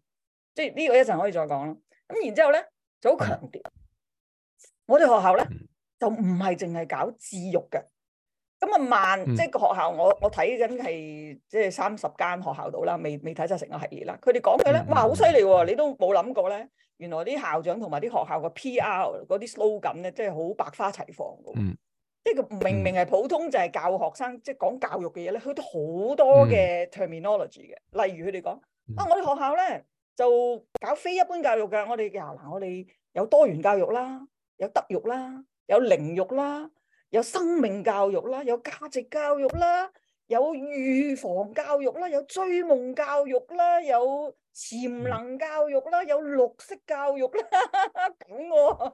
即係呢個一陣可以再講啦。咁然之後咧就好強調，我哋學校咧就唔係淨係搞智育嘅。咁啊慢，嗯、即係個學校我，我我睇緊係即係三十間學校到啦，未未睇晒成個系列啦。佢哋講佢咧，哇好犀利喎！你都冇諗過咧，原來啲校長同埋啲學校個 P.R. 嗰啲 low 感咧，即係好百花齊放噶。嗯、即係佢明明係普通，就係教學生即係講教育嘅嘢咧，佢都好多嘅 terminology 嘅。例如佢哋講啊，我哋學校咧就搞非一般教育噶，我哋嗱、呃，我哋有多元教育啦，有德育啦，有，育啦，有零育啦。有生命教育啦，有價值教育啦，有預防教育啦，有追夢教育啦，有潛能教育啦，有綠色教育啦，咁 喎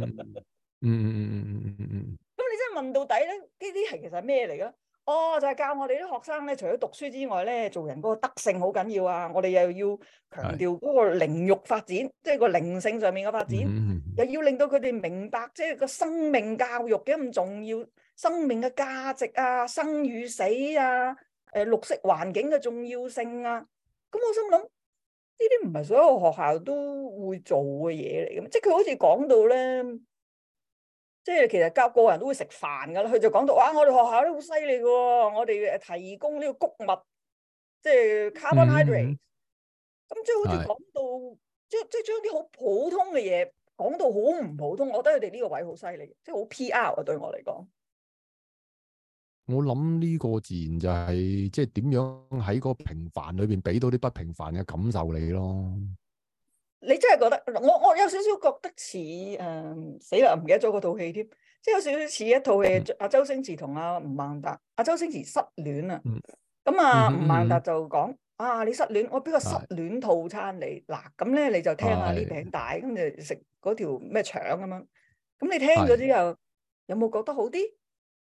嗯。嗯嗯嗯嗯嗯嗯嗯。咁你真係問到底咧？呢啲係其實係咩嚟噶？哦，就係、是、教我哋啲學生咧，除咗讀書之外咧，做人嗰個德性好緊要啊！我哋又要強調嗰個靈育發展，的即係個靈性上面嘅發展，嗯、又要令到佢哋明白，即係個生命教育嘅咁重要，生命嘅價值啊，生與死啊，誒、呃，綠色環境嘅重要性啊。咁我心諗呢啲唔係所有學校都會做嘅嘢嚟嘅，即係佢好似講到咧。即係其實教個人都會食飯噶啦，佢就講到，哇！我哋學校都好犀利噶，我哋誒提供呢個谷物，即係 carbon hydrate、嗯。咁即係好似講到，即即係將啲好普通嘅嘢講到好唔普通，我覺得佢哋呢個位好犀利，即係好 P.R. 啊，對我嚟講。我諗呢個自然就係即係點樣喺個平凡裏邊俾到啲不平凡嘅感受你咯。你真係覺得我我有少少覺得似誒、嗯、死啦，唔記得咗嗰套戲添，即係有少少似一套戲，阿周星馳同阿吳孟達，阿周星馳失戀啊，咁啊吳孟達就講啊你失戀，我俾個失戀套餐你嗱，咁咧是你就聽下啲餅大，咁就食嗰條咩腸咁樣，咁你聽咗之後是有冇覺得好啲？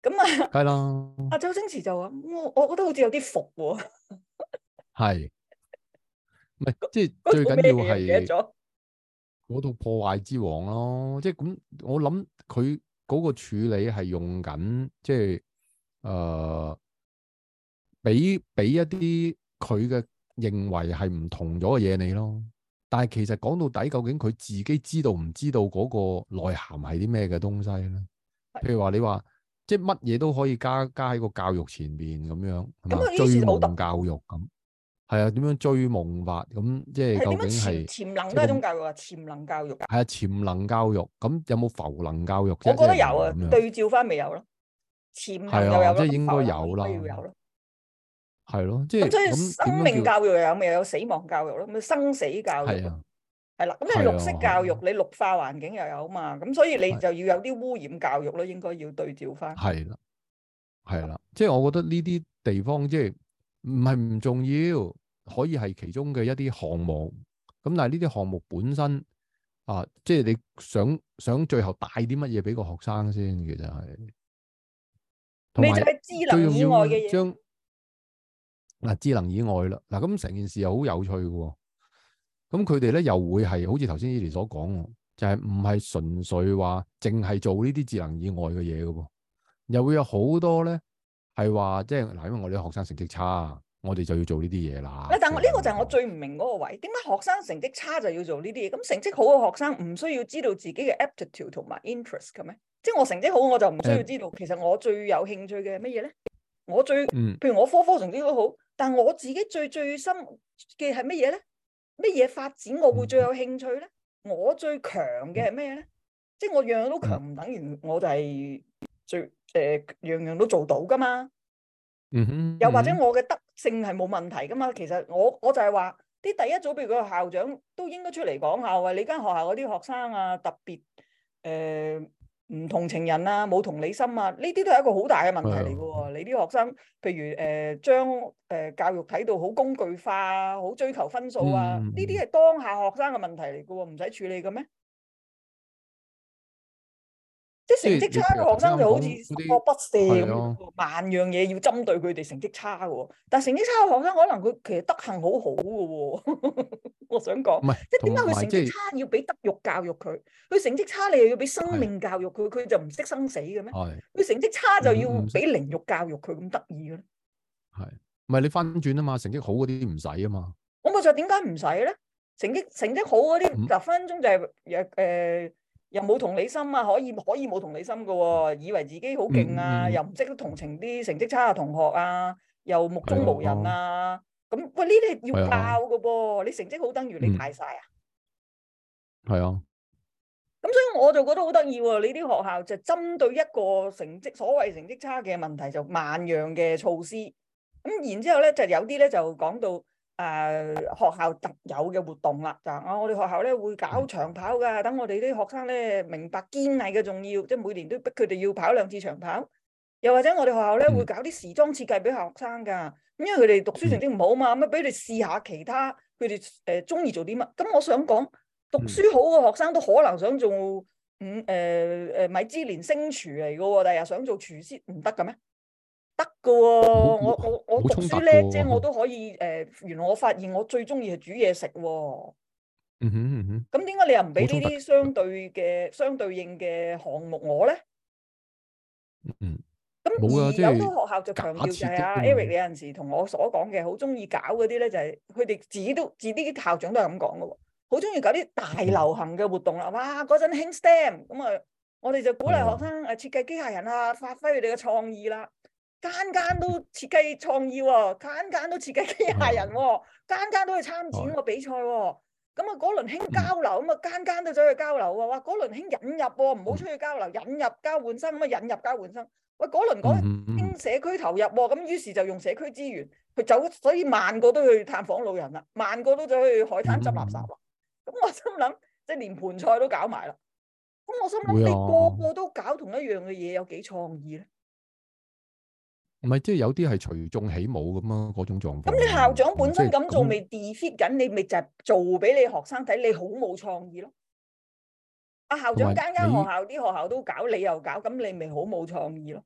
咁、嗯、的啊，係囉，阿周星馳就話我我覺得好似有啲服喎，係。即係最緊要係嗰套破壞之王咯。即係咁，我諗佢嗰個處理係用緊，即係誒，俾、呃、俾一啲佢嘅認為係唔同咗嘅嘢你咯。但係其實講到底，究竟佢自己知道唔知道嗰個內涵係啲咩嘅東西咧？的譬如話你話，即係乜嘢都可以加加喺個教育前面咁樣，咁於是追夢教育咁。係啊，點樣追夢法咁，即係點樣潛潛能都係一種教育啊，潛能教育。係啊，潛能教育，咁有冇浮能教育？我覺得有啊，對照翻未有咯，潛能又有咯，浮能都要有咯，係咯。咁所以生命教育又有，咪又有死亡教育咯，咁生死教育係啦。咁你綠色教育，你綠化環境又有嘛？咁所以你就要有啲污染教育咯，應該要對照翻。係啦，係啦，即係我覺得呢啲地方即係唔係唔重要。可以係其中嘅一啲項目，咁但係呢啲項目本身啊，即係你想想最後帶啲乜嘢俾個學生先，其實係。同埋智能以外嘅嘢。將嗱、啊、智能以外啦，嗱咁成件事又好有趣嘅喎、哦。咁佢哋咧又會係好似頭先伊研所講，就係唔係純粹話淨係做呢啲智能以外嘅嘢嘅喎，又會有好多咧係話即係嗱，因為我哋學生成績差。我哋就要做呢啲嘢啦。但我呢個就係我最唔明嗰個位，點解學生成績差就要做呢啲嘢？咁成績好嘅學生唔需要知道自己嘅 aptitude 同埋 interest 嘅咩？即係我成績好，我就唔需要知道，其實我最有興趣嘅係乜嘢咧？我最，嗯、譬如我科科成績都好，但我自己最最深嘅係乜嘢咧？乜嘢發展我會最有興趣咧？嗯、我最強嘅係咩咧？嗯、即係我樣樣都強，唔等於我就係最誒樣、呃、樣都做到噶嘛？哼、嗯，又、嗯嗯、或者我嘅德。性係冇問題㗎嘛？其實我我就係話啲第一組，譬如個校長都應該出嚟講下，喂、哎，你間學校嗰啲學生啊，特別誒唔同情人啊，冇同理心啊，呢啲都係一個好大嘅問題嚟嘅喎。你啲學生譬如誒將誒教育睇到好工具化，啊，好追求分數啊，呢啲係當下學生嘅問題嚟嘅喎，唔使處理嘅咩？即成績差嘅學生就好似十惡不赦咁，些萬樣嘢要針對佢哋成績差嘅喎。但係成績差嘅學生可能佢其實德行好好嘅喎，我想講。唔係是，即係點解佢成績差、就是、要俾德育教育佢？佢成績差你又要俾生命教育佢，佢是就唔識生死嘅咩？係是。佢成績差就要俾靈育教育佢咁得意嘅咧。係，唔係你翻轉啊嘛？成績好嗰啲唔使啊嘛。我咪就點解唔使咧？成績成績好嗰啲、嗯、就分分鐘就係誒誒。呃又冇同理心啊，可以可以冇同理心噶、啊，以為自己好勁啊，嗯嗯、又唔識得同情啲成績差嘅同學啊，又目中無人啊，咁、哎呦啊、喂呢啲要教噶噃、啊，哎、呦你成績好等於、哎、呦你大晒啊？係啊、哎呦，咁所以我就覺得好得意喎，你啲學校就針對一個成績所謂成績差嘅問題就萬樣嘅措施，咁然之後咧就有啲咧就講到。誒、啊、學校特有嘅活動啦，就係、啊我哋學校咧會搞長跑㗎，等我哋啲學生咧明白堅毅嘅重要，即係每年都逼佢哋要跑兩次長跑。又或者我哋學校咧會搞啲時裝設計俾學生㗎，咁因為佢哋讀書成績唔好嘛，咁啊俾佢試下其他，佢哋誒鍾意做啲乜？咁我想講，讀書好嘅學生都可能想做五誒誒米芝蓮星廚嚟㗎喎，第日想做廚師唔得嘅咩？得㗎喎，我我我讀書叻啫，即係我都可以誒。原來我發現我最中意係煮嘢食喎。咁點解你又唔俾呢啲相對嘅相對應嘅項目我咧？咁而有啲學校就強調就係啊 Eric 有陣時同我所講嘅，好中意搞嗰啲咧，就係佢哋自己都自己啲校長都係咁講㗎喎，好中意搞啲大流行嘅活動啦。哇！嗰陣興 STEM，咁啊，我哋就鼓勵學生誒設計機械人啊，發揮佢哋嘅創意啦。間間都設計創意喎，間間都設計機械人喎，間間都去參展個比賽喎。咁啊嗰輪興交流，咁啊間間都走去交流啊。哇，嗰輪興引入，唔好出去交流，引入交換生咁啊、嗯、引入交換生。喂嗰輪嗰輪興社區投入，咁、嗯、於、嗯、是就用社區資源去走，所以萬個都去探訪老人啦，萬個都走去海灘執垃圾啦。咁、嗯嗯嗯、我心諗，即係連盆菜都搞埋啦。咁我心諗，你個，個個都搞同一樣嘅嘢，有幾創意咧？唔係，即係有啲係隨眾起舞咁咯，嗰種狀況。咁你校長本身咁做未 defeat 緊，即係你咪就係做俾你學生睇，你好冇創意咯。阿校長間間學校啲學校都搞，你，你又搞，咁你咪好冇創意咯。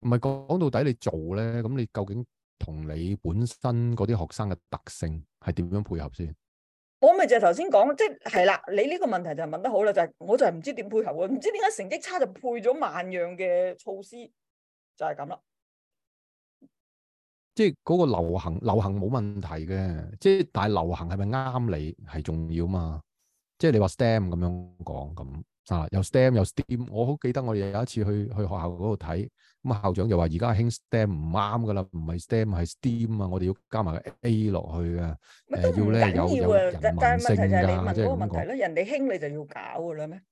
唔係講到底，你做咧，咁你究竟同你本身嗰啲學生嘅特性係點樣配合先？我咪就係頭先講，即係係啦。你呢個問題就係問得好啦，就係、是、我就係唔知點配合，唔知點解成績差就配咗萬樣嘅措施，就係咁啦。即係嗰個流行，流行冇問題嘅。即係但係流行係咪啱你係重要嘛？即係你話 STEM 咁樣講咁啊，有 STEM 有 STEAM。我好記得我哋有一次去去學校嗰度睇，咁啊校長就話而家興 STEM 唔啱噶啦，唔係 STEM 係 STEAM 啊，我哋要加埋 A 落去啊。乜都唔緊要啊，但係問題就係你問嗰個問題咯，人哋興你就要搞噶啦咩？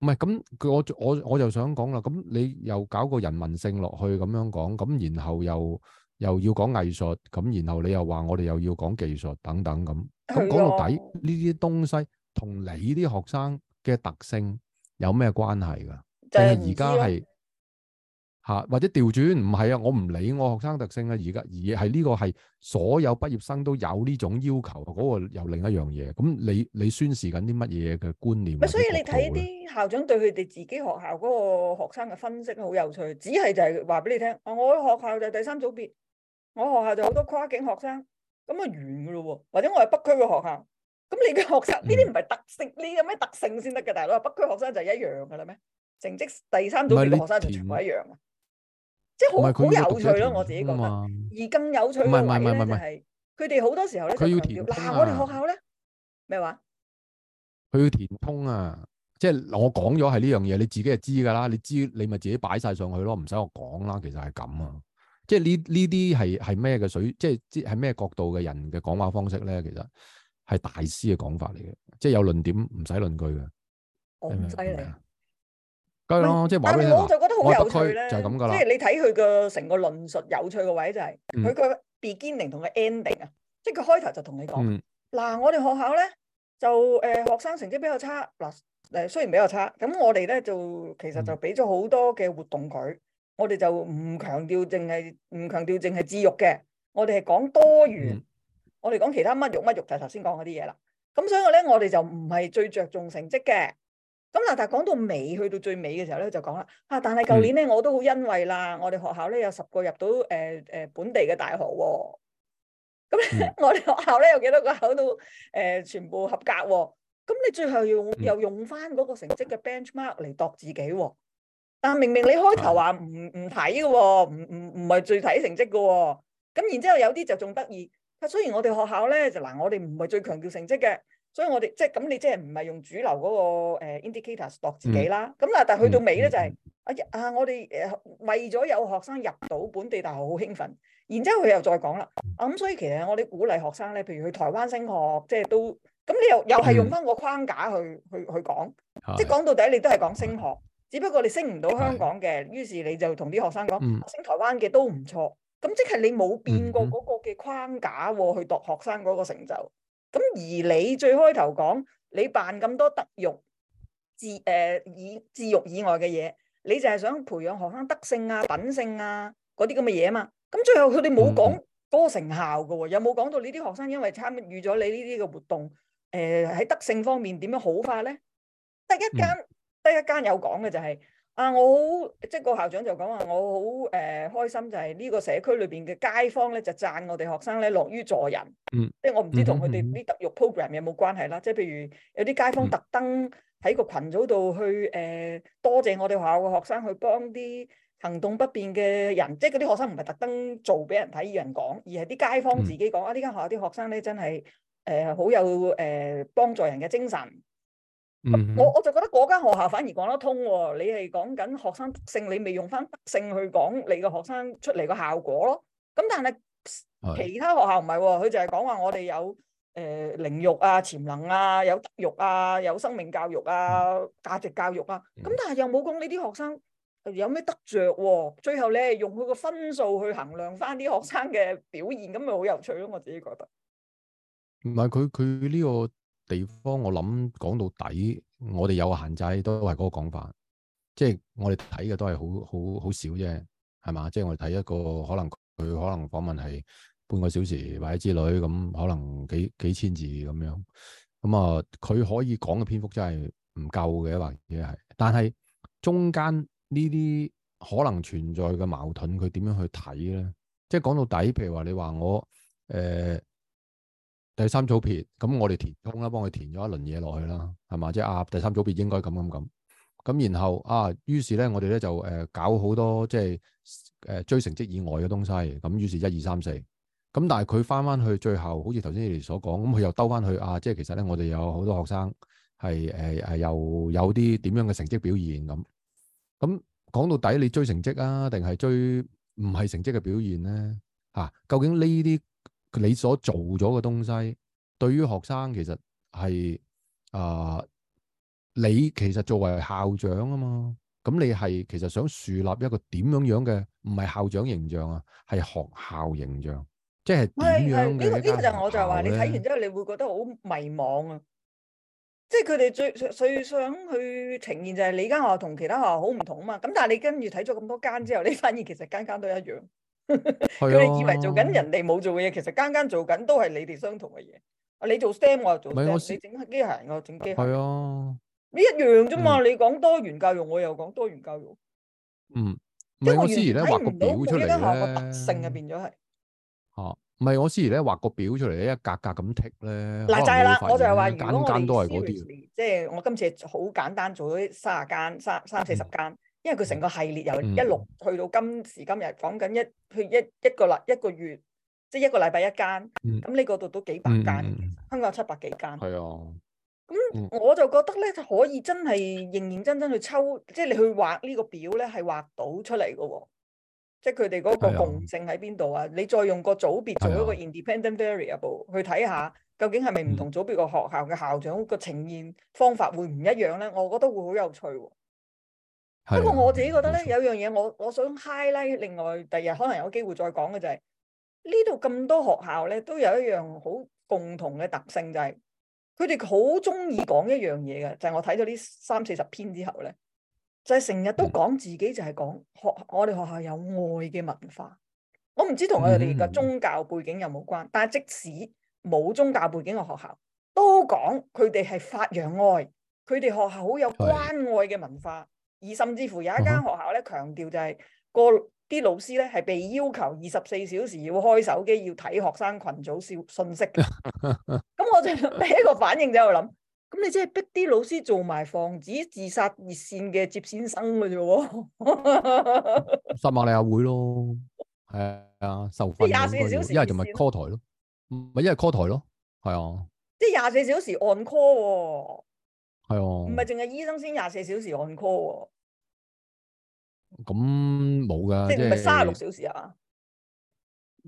唔係咁，我我我就想講啦，咁你又搞個人民性落去咁樣講，咁然後又。又要講藝術，咁然後你又話我哋又要講技術，等等咁。咁講到底呢啲東西同你啲學生嘅特性有咩關係噶？即係而家係吓，或者調轉唔係啊？我唔理我學生特性啊，而家而係呢個係所有畢業生都有呢種要求嗰個，又另一樣嘢。咁你你宣示緊啲乜嘢嘅觀念？所以你睇啲校長對佢哋自己學校嗰個學生嘅分析好有趣，只係就係話俾你聽啊！我學校就第三組別。我學校就好多跨境學生，咁啊完噶咯喎，或者我係北區嘅學校，咁你嘅學生呢啲唔係特性，你有咩特性先得㗎？大佬，北區學生就係一樣噶啦咩？成績第三組嘅學生就全部一樣啊，即係好好有趣咯，我自己覺得。而更有趣嘅係咧，係佢哋好多時候咧，佢要填嗱、啊啊，我哋學校咧，咩話？佢要填通啊，即係我講咗係呢樣嘢，你自己係知噶啦，你知你咪自己擺晒上去咯，唔使我講啦。其實係咁啊。即係呢呢啲係係咩嘅水，即係即係咩角度嘅人嘅講話方式咧？其實係大師嘅講法嚟嘅，即係有論點唔使論據嘅，唔犀利啊！梗係咯，即係話俾你聽，我就覺得好有趣咧就係咁噶啦，即係你睇佢個成個論述有趣嘅位就係佢個 beginning 同佢 ending 啊，即係佢開頭就同你講嗱，我哋學校咧就誒、呃、學生成績比較差嗱，誒雖然比較差，咁我哋咧就其實就俾咗好多嘅活動佢。嗯我哋就唔強調，淨係唔強調，淨係智育嘅。我哋係講多元，嗯、我哋講其他乜肉乜肉，肉就頭先講嗰啲嘢啦。咁所以我咧，我哋就唔係最着重成績嘅。咁嗱，但係講到尾，去到最尾嘅時候咧，就講啦。啊，但係舊年咧、嗯，我都好欣慰啦。我哋學校咧有十個入到誒誒、呃呃、本地嘅大學喎、哦。咁咧，嗯、 我哋學校咧有幾多個考到誒全部合格喎、哦？咁你最後用又，又用翻嗰、嗯、個成績嘅 benchmark 嚟度自己喎、哦？但明明你開頭話唔唔睇嘅喎，唔唔唔係最睇成績嘅喎、哦，咁然之後有啲就仲得意。啊，雖然我哋學校咧就嗱、啊，我哋唔係最強調成績嘅，所以我哋即係咁，你即係唔係用主流嗰、那個、呃、indicator 度自己啦。咁嗱、嗯，但係去到尾咧、嗯、就係、是、啊、哎、啊，我哋誒為咗有學生入到本地大學好興奮，然之後佢又再講啦。咁、啊、所以其實我哋鼓勵學生咧，譬如去台灣升學，即係都咁，你又又係用返個框架去、嗯、去去、去講，即係講到底你都係講升學。只不過你升唔到香港嘅，於是你就同啲學生講、嗯、升台灣嘅都唔錯。咁即係你冇變過嗰個嘅框架、啊嗯、去度學生嗰個成就。咁而你最開頭講你辦咁多德育、自誒以智育以外嘅嘢，你就係想培養學生德性啊、品性啊嗰啲咁嘅嘢嘛。咁最後佢哋冇講嗰個成效嘅喎、啊，又冇講到你啲學生因為參與咗你呢啲嘅活動，誒、呃、喺德性方面點樣好法咧？得一間。嗯即一間有講嘅就係、是、啊，我好即係個校長就講話我好誒、呃、開心，就係呢個社區裏邊嘅街坊咧就讚我哋學生咧樂於助人。嗯，嗯嗯即係我唔知同佢哋啲德育 program 有冇關係啦。即係譬如有啲街坊特登喺個群組度去誒、呃、多謝我哋學校嘅學生去幫啲行動不便嘅人，即係嗰啲學生唔係特登做俾人睇，俾人講，而係啲街坊自己講、嗯嗯、啊。呢間學校啲學生咧真係誒、呃、好有誒、呃、幫助人嘅精神，精神。我我就覺得嗰間學校反而講得通喎，你係講緊學生德性，你未用翻德性去講你個學生出嚟個效果咯。咁但係其他學校唔係喎，佢是就係講話我哋有誒靈育啊、潛能啊、有德育啊、有生命教育啊、價值教育啊。咁但係又冇講呢啲學生有咩得着喎。最後咧用佢個分數去衡量翻啲學生嘅表現，咁咪好有趣咯、哦。我自己覺得唔係佢佢呢個地方我諗講到底，我哋有個限制都係嗰個講法，即係我哋睇嘅都係好好好少啫，係嘛？即係我哋睇一個可能佢可能訪問係半個小時或者之類，咁、嗯、可能幾幾千字咁樣。咁、嗯、啊，佢、嗯、可以講嘅篇幅真係唔夠嘅，或者係。但係中間呢啲可能存在嘅矛盾，佢點樣去睇咧？即係講到底，譬如話你話我誒。呃第三組別，咁，我哋填空啦，幫佢填咗一輪嘢落去啦，係嘛？即係啊，第三組別應該咁咁咁咁，然後啊，於是咧，我哋咧就誒、呃、搞好多即係誒、呃、追成績以外嘅東西，咁、嗯、於是 1, 2, 3,，一二三四，咁但係佢翻翻去最後，好似頭先你哋所講，咁佢又兜翻去啊，即係其實咧，我哋有好多學生係誒誒又有啲點樣嘅成績表現咁。咁講到底，你追成績啊，定係追唔係成績嘅表現咧？嚇、啊，究竟呢啲？你所做咗嘅東西，對於學生其實係啊、呃，你其實作為校長啊嘛，咁你係其實想樹立一個點樣樣嘅，唔係校長形象啊，係學校形象，即係點樣嘅一間。係，呢個呢個就係我，就係話你睇完之後，你會覺得好迷惘啊！即係佢哋最最想去呈現就係你間學校同其他學校好唔同啊嘛，咁但係你跟住睇咗咁多間之後，你反而其實間間都一樣。佢哋 以為做緊人哋冇做嘅嘢，其實間間做緊都係你哋相同嘅嘢。啊，你做 STEM，我又做 STEM, s t m 你整機械，我整機械，係啊，呢一樣啫嘛。你講多元教育，我又講多元教育。嗯，因我之前咧畫個表出嚟咧，特性入邊咗係。吓，唔係我之前咧畫個表出嚟咧、嗯，一格格咁剔咧。嗱就係、是、啦，我就係話間間都係嗰啲，即係我今次好簡單做咗三廿間，三三四十間。嗯因為佢成個系列由一六去到今時今日，講緊一去一一,一,一個禮一個月，即係一個禮拜一間，咁呢個度都幾百間，的香港有七百幾間。係啊，咁我就覺得咧，可以真係認認真真去抽，即係你去畫呢個表咧，係畫到出嚟噶、喎。即係佢哋嗰個共性喺邊度啊？的你再用個組別做一個 independent variable、嗯、去睇下，究竟係咪唔同組別個學校嘅校長個呈現方法會唔一樣咧？我覺得會好有趣、喎。不過我自己覺得咧，有樣嘢，我我想 highlight，另外第日可能有機會再講嘅就係呢度咁多學校咧，都有一樣好共同嘅特性，就係佢哋好中意講一樣嘢嘅，就係、是、我睇咗呢三四十篇之後咧，就係成日都講自己就係講學我哋學校有愛嘅文化。我唔知同我哋嘅宗教背景有冇關，嗯、但係即使冇宗教背景嘅學校都講佢哋係發揚愛，佢哋學校好有關愛嘅文化。而甚至乎有一間學校咧，uh huh. 強調就係個啲老師咧係被要求二十四小時要開手機，要睇學生群組消訊息。咁 我就俾一個反應就喺度諗，咁你即係逼啲老師做埋防止自殺熱線嘅接線生嘅啫、哦？撒 馬利亞會咯，係啊，受訓，一係就咪 call 台咯，咪一係 call 台咯，係啊，即係廿四小時按 call、哦。係啊，唔係，淨係醫生先廿四小時按 call 喎、啊。咁冇噶，即係唔係三十六小時啊？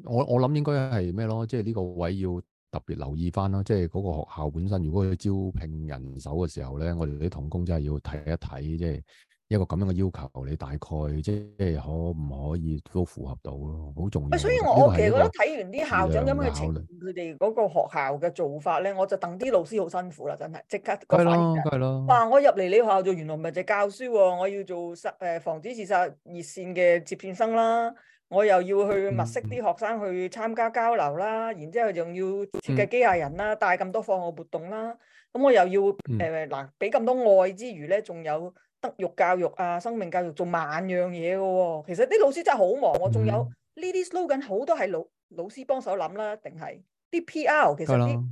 我我諗應該係咩咯？即係呢個位要特別留意翻囉。即係嗰個學校本身，如果去招聘人手嘅時候咧，我哋啲同工真係要睇一睇，即係。一個咁樣嘅要求，你大概即係可唔可以都符合到咯？好重要。所以我其實覺得睇完啲校長咁嘅情況，佢哋嗰個學校嘅做法咧， 我就等啲老師好辛苦啦，真係即刻。係咯，係咯。哇、啊！我入嚟你學校就原來唔係就教書喎，我要做實誒防止自殺熱線嘅接線生啦，我又要去物色啲學生去參加交流啦，嗯、然之後仲要設計機械人啦，帶咁、嗯、多課外活動啦，咁我又要誒嗱俾咁多愛之餘咧，仲有。德育教育啊，生命教育做萬樣嘢嘅喎，其實啲老師真係好忙喎、啊，仲、嗯、有呢啲 slogan 好多係老老師幫手諗啦，定係啲 P.R. 其實啲，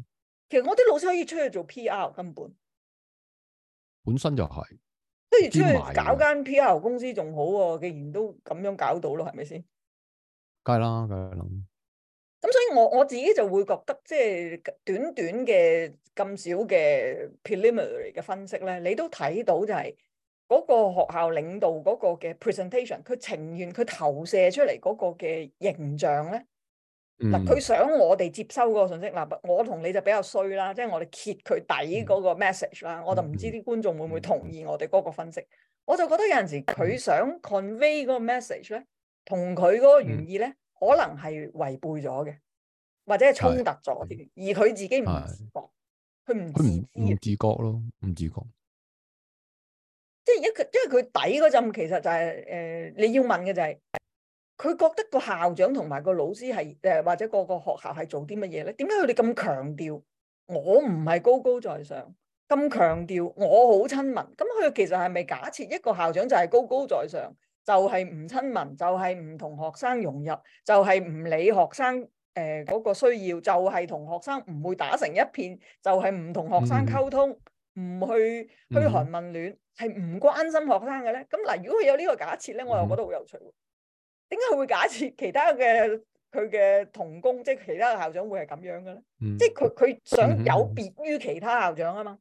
其實我啲老師可以出去做 P.R. 根本本身就係、是，不如出去搞間 P.R. 公司仲好喎、啊，既然都咁樣搞到咯，係咪先？梗係啦，梗係諗。咁所以我我自己就會覺得，即、就、係、是、短短嘅咁少嘅 preliminary 嘅分析咧，你都睇到就係、是。嗰個學校領導嗰個嘅 presentation，佢情願佢投射出嚟嗰個嘅形象咧，嗱佢、嗯、想我哋接收嗰個信息。嗱、呃、我同你就比較衰啦，即、就、係、是、我哋揭佢底嗰個 message 啦。嗯、我就唔知啲觀眾會唔會同意我哋嗰個分析。嗯嗯、我就覺得有陣時佢想 convey 嗰個 message 咧，同佢嗰個原意咧，嗯、可能係違背咗嘅，或者係衝突咗添。的而佢自己唔自覺，佢唔唔唔自覺咯，唔自覺。即係一個，因為佢底嗰陣其實就係、是、誒、呃，你要問嘅就係、是、佢覺得個校長同埋個老師係誒、呃，或者個個學校係做啲乜嘢咧？點解佢哋咁強調？我強調，我唔係高高在上，咁強調我好親民。咁佢其實係咪假設一個校長就係高高在上，就係唔親民，就係唔同學生融入，就係、是、唔理學生誒嗰、呃那個需要，就係、是、同學生唔會打成一片，就係唔同學生溝通？嗯唔去噓寒問暖，係唔、mm hmm. 關心學生嘅咧？咁嗱，如果佢有呢個假設咧，我又覺得好有趣。點解佢會假設其他嘅佢嘅同工，即係其他嘅校長會係咁樣嘅咧？Mm hmm. 即係佢佢想有別於其他校長啊嘛。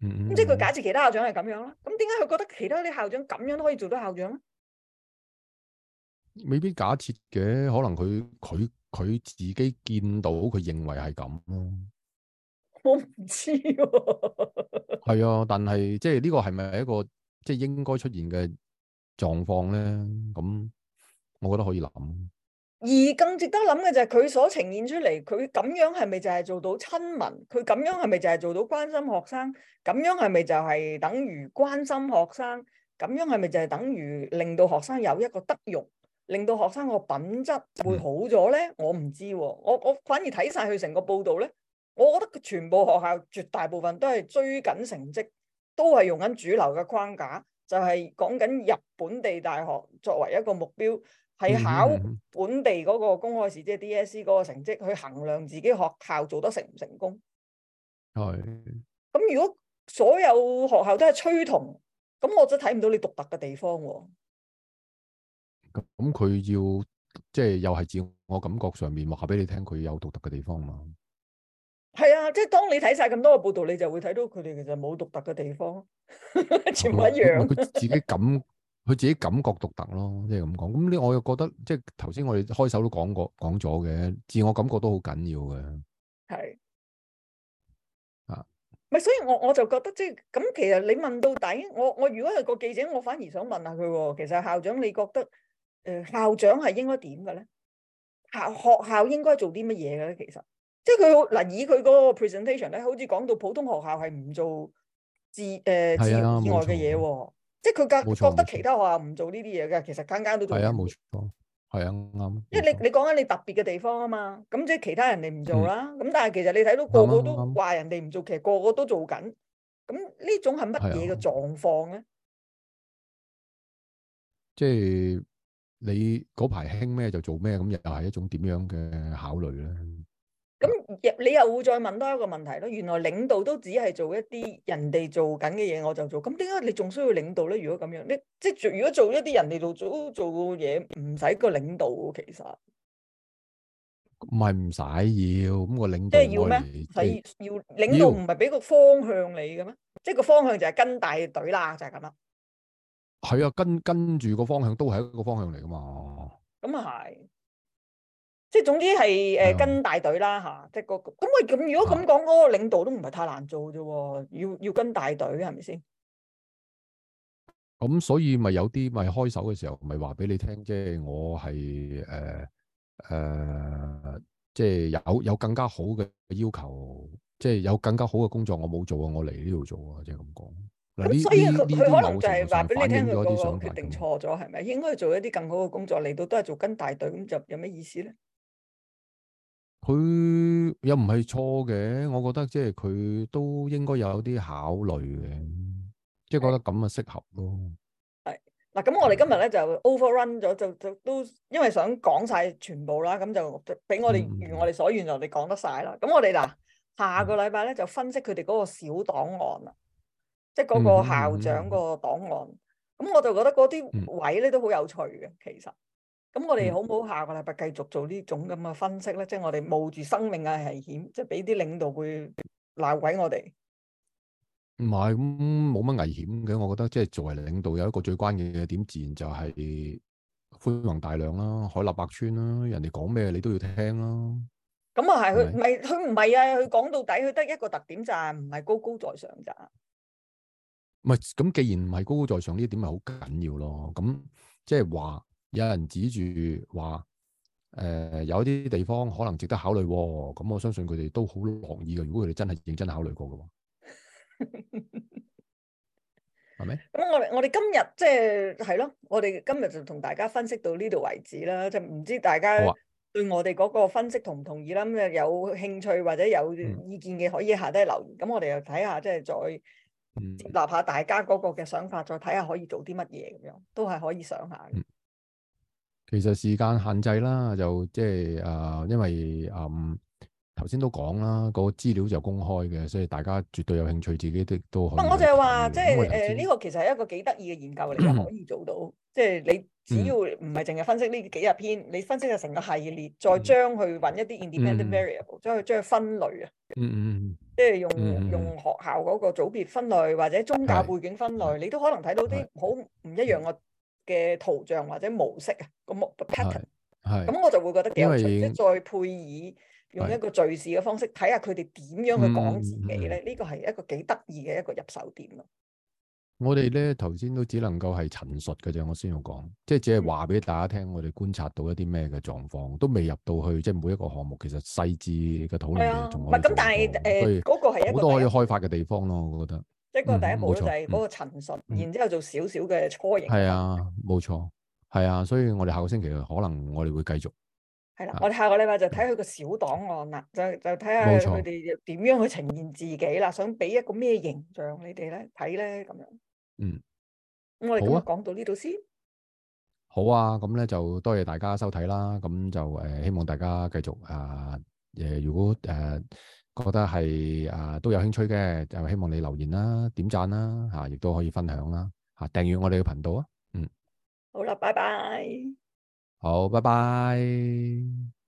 咁即係佢假設其他校長係咁樣啦。咁點解佢覺得其他啲校長咁樣都可以做到校長咧？未必假設嘅，可能佢佢佢自己見到佢認為係咁咯。我唔知，係啊， 啊，但係即係呢、這個係咪一個即係應該出現嘅狀況咧？咁我覺得可以諗。而更值得諗嘅就係、是、佢所呈現出嚟，佢咁樣係咪就係做到親民？佢咁樣係咪就係做到關心學生？咁樣係咪就係等於關心學生？咁樣係咪就係等於令到學生有一個德育，令到學生個品質會好咗咧、嗯啊？我唔知，我我反而睇晒佢成個報道咧。我覺得全部學校絕大部分都係追緊成績，都係用緊主流嘅框架，就係講緊入本地大學作為一個目標，係考本地嗰個公開試，嗯、即係 DSE 嗰個成績去衡量自己學校做得成唔成功。係是。咁如果所有學校都係趨同，咁我真睇唔到你獨特嘅地方，哦。咁咁，佢要即係又係自我感覺上面話俾你聽，佢有獨特嘅地方嘛？係啊，即係當你睇晒咁多個報道，你就會睇到佢哋其實冇獨特嘅地方，全部一樣。佢自己感，佢自己感覺獨特咯，即係咁講。咁呢，我又覺得即係頭先我哋開手都講過講咗嘅，自我感覺都好緊要嘅。係啊，唔係所以我我就覺得即係咁，其實你問到底，我我如果係個記者，我反而想問下佢。其實校長你覺得，誒，校長係應該點嘅咧？校學校應該做啲乜嘢嘅咧？其實。即係佢好嗱，以佢嗰個 presentation 咧，好似講到普通學校係唔做自誒自之外嘅嘢喎。即係佢間覺得其他學校唔做呢啲嘢嘅，其實間間都做。係啊，冇錯，係啊，啱。因為你你講緊你特別嘅地方啊嘛，咁即係其他人哋唔做啦。咁但係其實你睇到個個都話人哋唔做，其實個個都做緊。咁呢種係乜嘢嘅狀況咧？即係你嗰排興咩就做咩咁，又係一種點樣嘅考慮咧？咁，你又會再問多一個問題咯。原來領導都只係做一啲人哋做緊嘅嘢，我就做。咁點解你仲需要領導咧？如果咁樣，你即係如果做一啲人哋做做做嘢，唔使個領導嘅其實唔係唔使要咁個領導。即係要咩？係要領導唔係俾個方向你嘅咩？即係個方向就係跟大隊啦，就係咁啦。係啊，跟跟住個方向都係一個方向嚟㗎嘛。咁啊係。即係總之係誒跟大隊啦吓，Yeah. 即係個咁我咁如果咁講嗰個領導都唔係太難做啫，要要跟大隊係咪先？咁所以咪有啲咪開手嘅時候咪話俾你聽，即係我係誒誒，即係有有更加好嘅要求，即係有更加好嘅工作我冇做啊，我嚟呢度做啊，即係咁講嗱。所以佢佢可能就係話俾你聽佢個個決定錯咗，係咪應該做一啲更好嘅工作嚟到都係做跟大隊咁就有咩意思咧？佢又唔係錯嘅，我覺得即係佢都應該有啲考慮嘅，即係覺得咁啊適合咯。係嗱，咁我哋今日咧就 overrun 咗，就就，就都因為想講晒全部啦，咁就就俾我哋、嗯、如我哋所願就我哋講得晒啦。咁我哋嗱下個禮拜咧就分析佢哋嗰個小檔案啦，即係嗰個校長個檔案。咁、嗯、我就覺得嗰啲位咧都好有趣嘅，其實。咁我哋好唔好下個禮拜繼續做呢種咁嘅分析咧？即係我哋冒住生命嘅危險，即係俾啲領導會鬧鬼我哋唔係咁冇乜危險嘅。我覺得即係作為領導有一個最關鍵嘅點，自然就係寬宏大量啦，海納百川啦。人哋講咩，你都要聽啦。咁啊係佢唔係佢唔係啊？佢講到底佢得一個特點就係唔係高高在上咋。唔係咁，既然唔係高高在上呢點，咪好緊要咯？咁即係話。有人指住話，誒、呃，有一啲地方可能值得考慮，啊，咁我相信佢哋都好樂意嘅。如果佢哋真係認真考慮過嘅，係咪 嗎？咁我我哋今日即係係咯，我哋今日就同、是、大家分析到呢度為止啦。就唔、是、知大家對我哋嗰個分析同唔同意啦？咁、啊、有興趣或者有意見嘅，可以下低留言。咁、嗯、我哋又睇下，即、就、係、是、再接納下大家嗰個嘅想法，嗯、再睇下可以做啲乜嘢咁樣，都係可以想下嘅。嗯其實時間限制啦，就即係誒，因為誒頭先都講啦，個資料就公開嘅，所以大家絕對有興趣，自己都都。唔係，我就係話，即係誒，呢個其實係一個幾得意嘅研究嚟，可以做到。即係你只要唔係淨係分析呢幾日篇，你分析晒成個系列，再將佢搵一啲 independent variable，再將佢分類啊。嗯嗯嗯。即係用用學校嗰個組別分類，或者宗教背景分類，你都可能睇到啲好唔一樣嘅。嘅圖像或者模式啊，個 pattern，咁我就會覺得幾有趣，因為即係再配以用一個敘事嘅方式，睇下佢哋點樣去講自己咧。呢、嗯、個係一個幾得意嘅一個入手點咯。我哋咧頭先都只能夠係陳述嘅啫，我先要講，即係只係話俾大家聽，嗯、我哋觀察到一啲咩嘅狀況，都未入到去，即係每一個項目其實細緻嘅討論，仲唔咪咁？但係誒，嗰個係好多可以開發嘅地方咯，我覺得。即個第一步就係嗰個陳述，然之後做少少嘅初型。係啊，冇錯，係啊，所以我哋下個星期可能我哋會繼續。係啦，我哋下個禮拜就睇佢個小檔案啦，就就睇下佢哋點樣去呈現自己啦，想俾一個咩形象你哋咧睇咧咁樣。嗯。咁我哋今日講到呢度先。好啊，咁咧就多謝大家收睇啦。咁就誒希望大家繼續啊。誒，如果誒。覺得係啊都有興趣嘅，就希望你留言啦，點讚啦，吓、啊、亦都可以分享啦，吓，訂閱我哋嘅頻道啊。嗯，好啦，拜拜。好，拜拜。